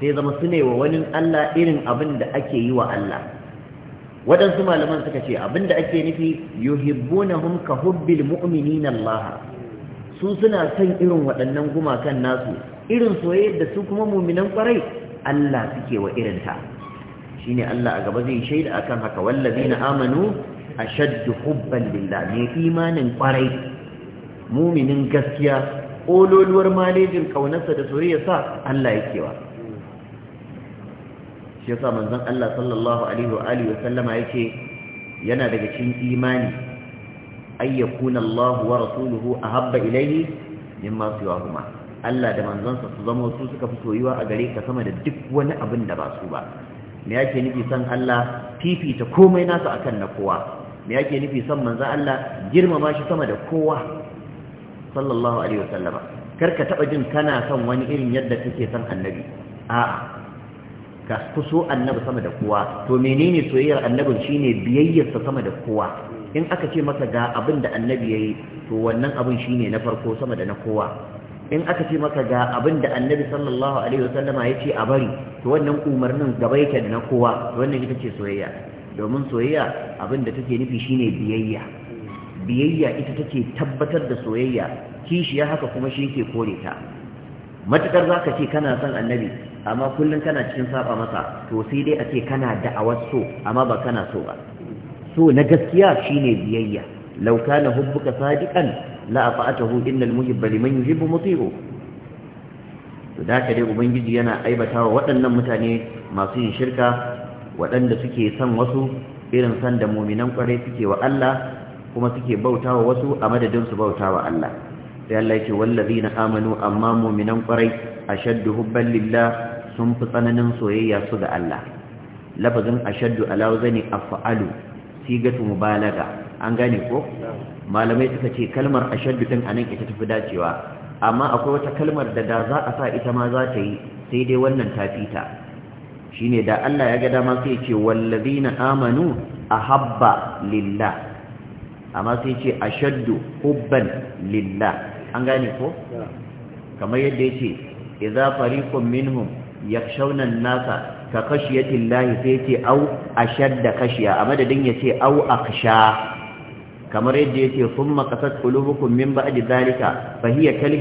[SPEAKER 1] sai zama ne wa wani Allah irin abin da ake yi wa Allah waɗansu malaman suka ce abinda ake nufi yuhibbunahum ka hubbil mu'minina Allah su suna son irin waɗannan gumakan nasu irin soyayyar da su kuma mu'minan kwarai Allah suke wa irin ta shine Allah a gaba zai shaida akan haka wallazina amanu ashaddu hubban lillah ne imanin kwarai mu'minin gaskiya ololuwar malejin kaunarsa da yasa, Allah yake wa shi yasa manzon Allah sallallahu alaihi wa alihi sallama yake yana daga cikin imani ay yakuna Allah wa rasuluhu ahabba ilayhi mimma siwahuma Allah da manzonsa su zama su suka fi soyuwa a gare ka sama da duk wani abin da ba su ba me yake nufi san Allah fifita komai nasa akan na kowa me yake nufi san manzon Allah girmama shi sama da kowa sallallahu alaihi wa sallama karka taba jin kana son wani irin yadda kake son annabi a'a ka su so annabi sama da kowa to menene soyayyar annabin shine biyayyarsa sama da kowa in aka ce masa ga abin da annabi yayi to wannan abin shine na farko sama da na kowa in aka ce maka ga abin da annabi sallallahu alaihi wasallama ya ce a bari to wannan umarnin gaba yake da na kowa wannan ita ce soyayya domin soyayya abin da take nufi shine biyayya biyayya ita take tabbatar da soyayya kishi ya haka kuma shi yake kore ta matukar zaka ce kana son annabi amma kullum kana cikin saba masa to sai dai a ce kana da'awar so amma ba kana so ba so na gaskiya shine biyayya law kana hubbuka sadiqan la afa'atahu innal muhibba liman yuhibbu muti'u to da dai ubangiji yana aibatawa waɗannan mutane masu yin shirka waɗanda suke son wasu irin san da muminan kwarai suke wa Allah kuma suke bautawa wasu a madadin su bautawa Allah sai Allah yake wallazina amanu amma muminan kwarai ashaddu hubban lillah sun fi tsananin soyayya su ga Allah lafazin ashaddu ala a af'alu sigatu mubalaga an gane ko malamai suka ce kalmar ashaddu din anan ita tafi dacewa amma akwai wata kalmar da da za a sa ita ma za ta yi sai dai wannan ta fita shine da Allah ya ga dama sai ce wallazina amanu ahabba lillah amma sai ce ashaddu hubban lillah an gane ko kamar yadda yace idza fariqun minhum yakhshawna an-nasa ka khashiyati Allah sai ce au ashadda kashiya, a madadin yace au kasha kamar yadda yake thumma qasat qulubukum min ba'di zalika fa hiya kal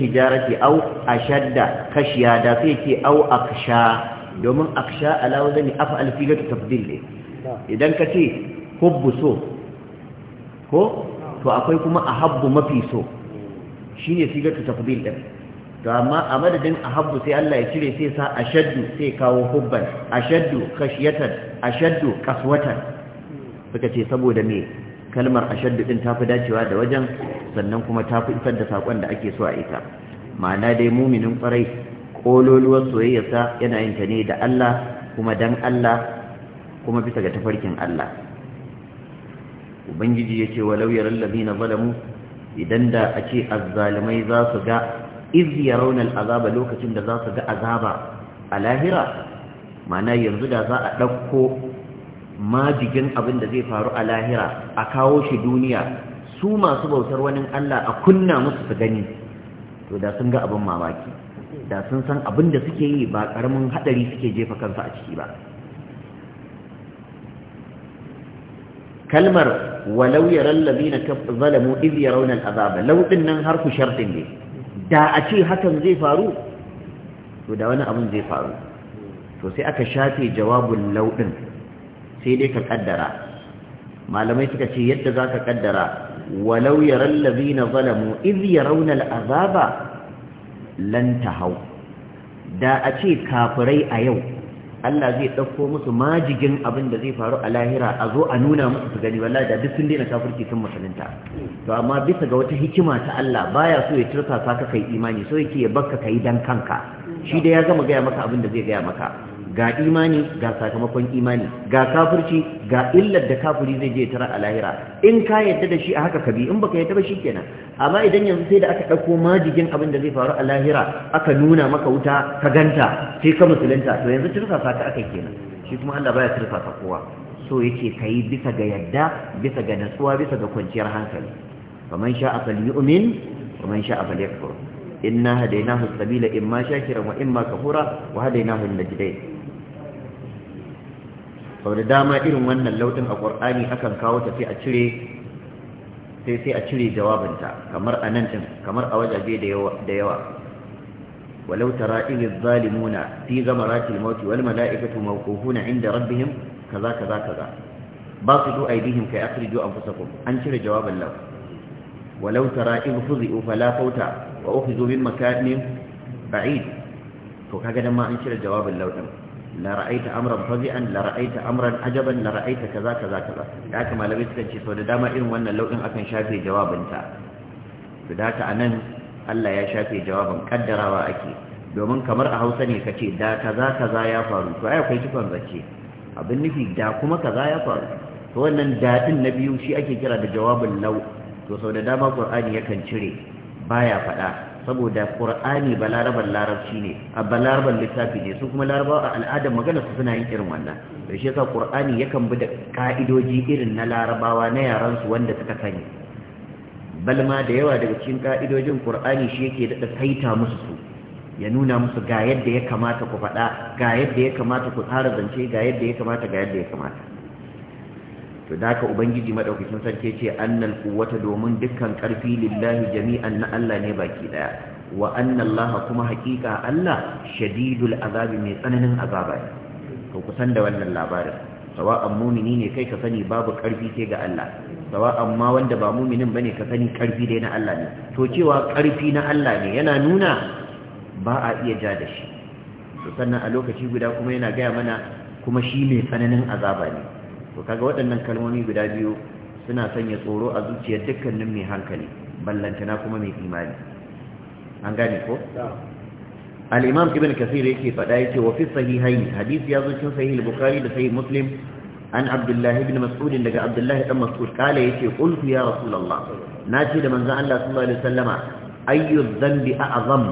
[SPEAKER 1] au a ashadda kashiya da sai au a kasha, domin kasha ala wazani af'al fi lati tafdil ne idan kace hubbu so ko to akwai kuma ahabbu mafi so shine fi lati tafdil din to amma a madadin ahabbu sai Allah ya cire sai sa ashaddu sai kawo hubban ashaddu khashiyatan ashaddu kaswatan suka ce saboda me kalmar ashaddu din tafi dacewa da wajen sannan kuma tafi isar da sakon da ake so a ita ma'ana dai muminin kwarai kololuwar soyayyarsa yana yin ta ne da Allah kuma dan Allah kuma bisa ga tafarkin Allah ubangiji yace walau yaral ladina zalamu idan da ake azzalimai za su ga iz yarawna al'azaba lokacin da za su ga azaba a lahira mana yanzu da za a ɗauko majigin abin da zai faru a lahira a kawo shi duniya su masu bautar wani Allah a kunna musu su gani to da sun ga abin mamaki da sun san abin da suke yi ba ƙaramin haɗari suke jefa kansu a ciki ba kalmar walau yaral ladina zalamu iz yarawna azaba law nan harfu shartin ne da a ce hakan zai faru to da wani abin zai faru to sai aka shafe jawabin lauɗin sai dai ka kaddara malamai suka ce yadda za ka kaddara walau yaran lazina zalamu iz yarawna al'azaba lan hau da a ce kafirai a yau Allah zai ɗauko musu majigin abin da zai faru a lahira a zo a nuna musu su gani wallahi da duk sun daina kafirci sun musulunta to amma bisa ga wata hikima ta Allah baya so ya tursa ka kai imani so yake ya bakka kai dan kanka shi da ya gama gaya maka abin da zai gaya maka ga imani ga sakamakon imani ga kafirci ga illar da kafiri zai je tara a lahira in ka yadda da shi a haka kabi in baka yadda ba shi kenan amma idan yanzu sai da aka ɗauko majigin abin da zai faru a lahira aka nuna maka wuta ka ganta sai ka musulunta to yanzu tursasa ka aka kenan shi kuma Allah baya tursasa kowa so yake ka yi bisa ga yadda bisa ga natsuwa bisa ga kwanciyar hankali faman sha'a falyu'min faman sha'a falyakfur inna hadaynahu sabila imma shakiran wa imma kafura wa sau dama irin wannan lautin a ƙwar'ani akan kawo ta sai a cire sai sai a cire jawabinta kamar a nan ɗin kamar a wajaje da yawa walau tara idh zalimuna fi ghamaratil maut wal mala'ikatu mawqufuna inda rabbihim kaza kaza kaza ba su du aidihim kai akhriju anfusakum an cire jawabin law walau tara idh fuzi'u fala fauta wa ukhizu min makanin ba'id to kaga dan ma an cire jawabin law din la ra'aita amran fazi'an la amran ajaban la kaza kaza da haka malamai suka ce sau da dama irin wannan lau'in akan shafe jawabinta to da haka anan Allah ya shafe jawabin kaddarawa ake domin kamar a Hausa ne kace da kaza kaza ya faru to ai akwai cikon zace abin nufi da kuma kaza ya faru to wannan dadin na biyu shi ake kira da jawabin lau to sau da dama Qur'ani yakan cire baya faɗa saboda qur'ani ba larabci ne a ba littafi ne su kuma larabawa a al'adar magana su suna yin irin wannan da shi yasa qur'ani yakan bi da ka'idoji irin na larabawa na yaran su wanda suka sani balma da yawa daga cikin ka'idojin qur'ani shi yake da saita musu su ya nuna musu ga yadda ya kamata ku faɗa ga yadda ya kamata ku tsara zance ga yadda ya kamata ga yadda ya kamata to da ka ubangiji madaukakin sarki ce annal quwwata domin dukkan karfi lillahi jami'an na Allah ne baki ɗaya. wa Annallaha kuma haƙiƙa Allah shadidul azabi mai tsananin azaba ne to kusan da wannan labarin sawa'an mumini ne kai ka sani babu karfi sai ga Allah sawa'an ma wanda ba muminin bane ka sani karfi dai na Allah ne to cewa karfi na Allah ne yana nuna ba a iya ja da shi sannan a lokaci guda kuma yana gaya mana kuma shi mai tsananin azaba ne to kaga waɗannan kalmomi guda biyu suna sanya tsoro a zuciyar dukkanin mai hankali ballantana kuma mai imani an gane ko al-imam ibn kathir yake faɗa yake wa fi sahihayn hadisi ya zo cikin sahih al-bukhari da sahih muslim an abdullah ibn mas'ud daga abdullah dan mas'ud kale yake qultu ya rasulullah nace da manzon Allah sallallahu alaihi wasallama ayyu dhanbi a'zam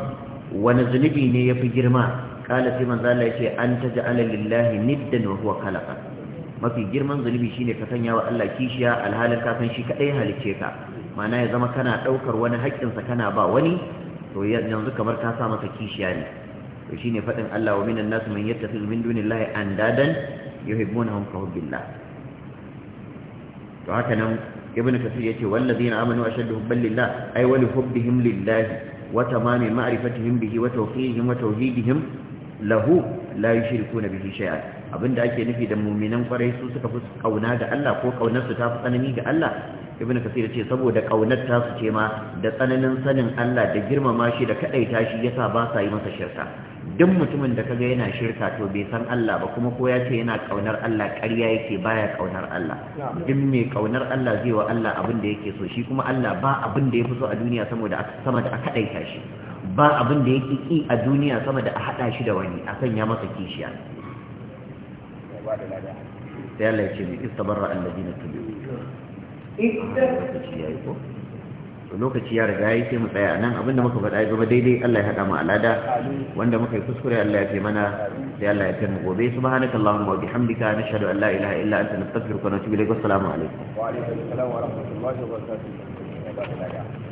[SPEAKER 1] wani zunubi ne yafi girma kala sai manzon Allah yake an taj'ala lillahi niddan wa huwa khalaqa mafi girman zunubi shine ka sanya wa Allah kishiya alhalin ka san shi kadai halicce ka ma'ana ya zama kana daukar wani haƙƙin sa kana ba wani to yanzu kamar ka sa masa kishiya ne to shine fadin Allah wa minan nas man yattakhidhu min dunillahi andadan yuhibbunahum ka hubbillah to haka nan ibn kasir yace wallazina amanu ashaddu hubban lillah ay wa li hubbihim lillah wa tamami ma'rifatihim bihi wa tawqihihim wa tawhidihim lahu la yushrikuna bihi abin abinda ake nufi da mu'minan kwarai su suka fi kauna da Allah ko kaunar su ta fi tsanani ga Allah ibnu kasir ce saboda kaunar ta su ce ma da tsananin sanin Allah da girmama shi da kadaita shi yasa ba sa yi masa shirka duk mutumin da kaga yana shirka to bai san Allah ba kuma ko ya ce yana kaunar Allah ƙarya yake baya kaunar Allah duk mai kaunar Allah zai wa Allah abin da yake so shi kuma Allah ba abin da ya fi so a duniya saboda sama da aka daita shi ba abin da yake ki a duniya sama da a hada shi da wani a sanya masa kishiya sai Allah ya ce mai lokaci ya riga yi sai mu tsaya nan abinda muka faɗa zama daidai Allah ya haɗa mu alada wanda muka yi kuskure Allah ya fi mana sai Allah ya kai mu gobe subhanakallahumma wa bihamdika nashhadu an la ilaha illa anta nastaghfiruka wa natubu ilayk wa assalamu alaikum wa alaikum wa rahmatullahi wa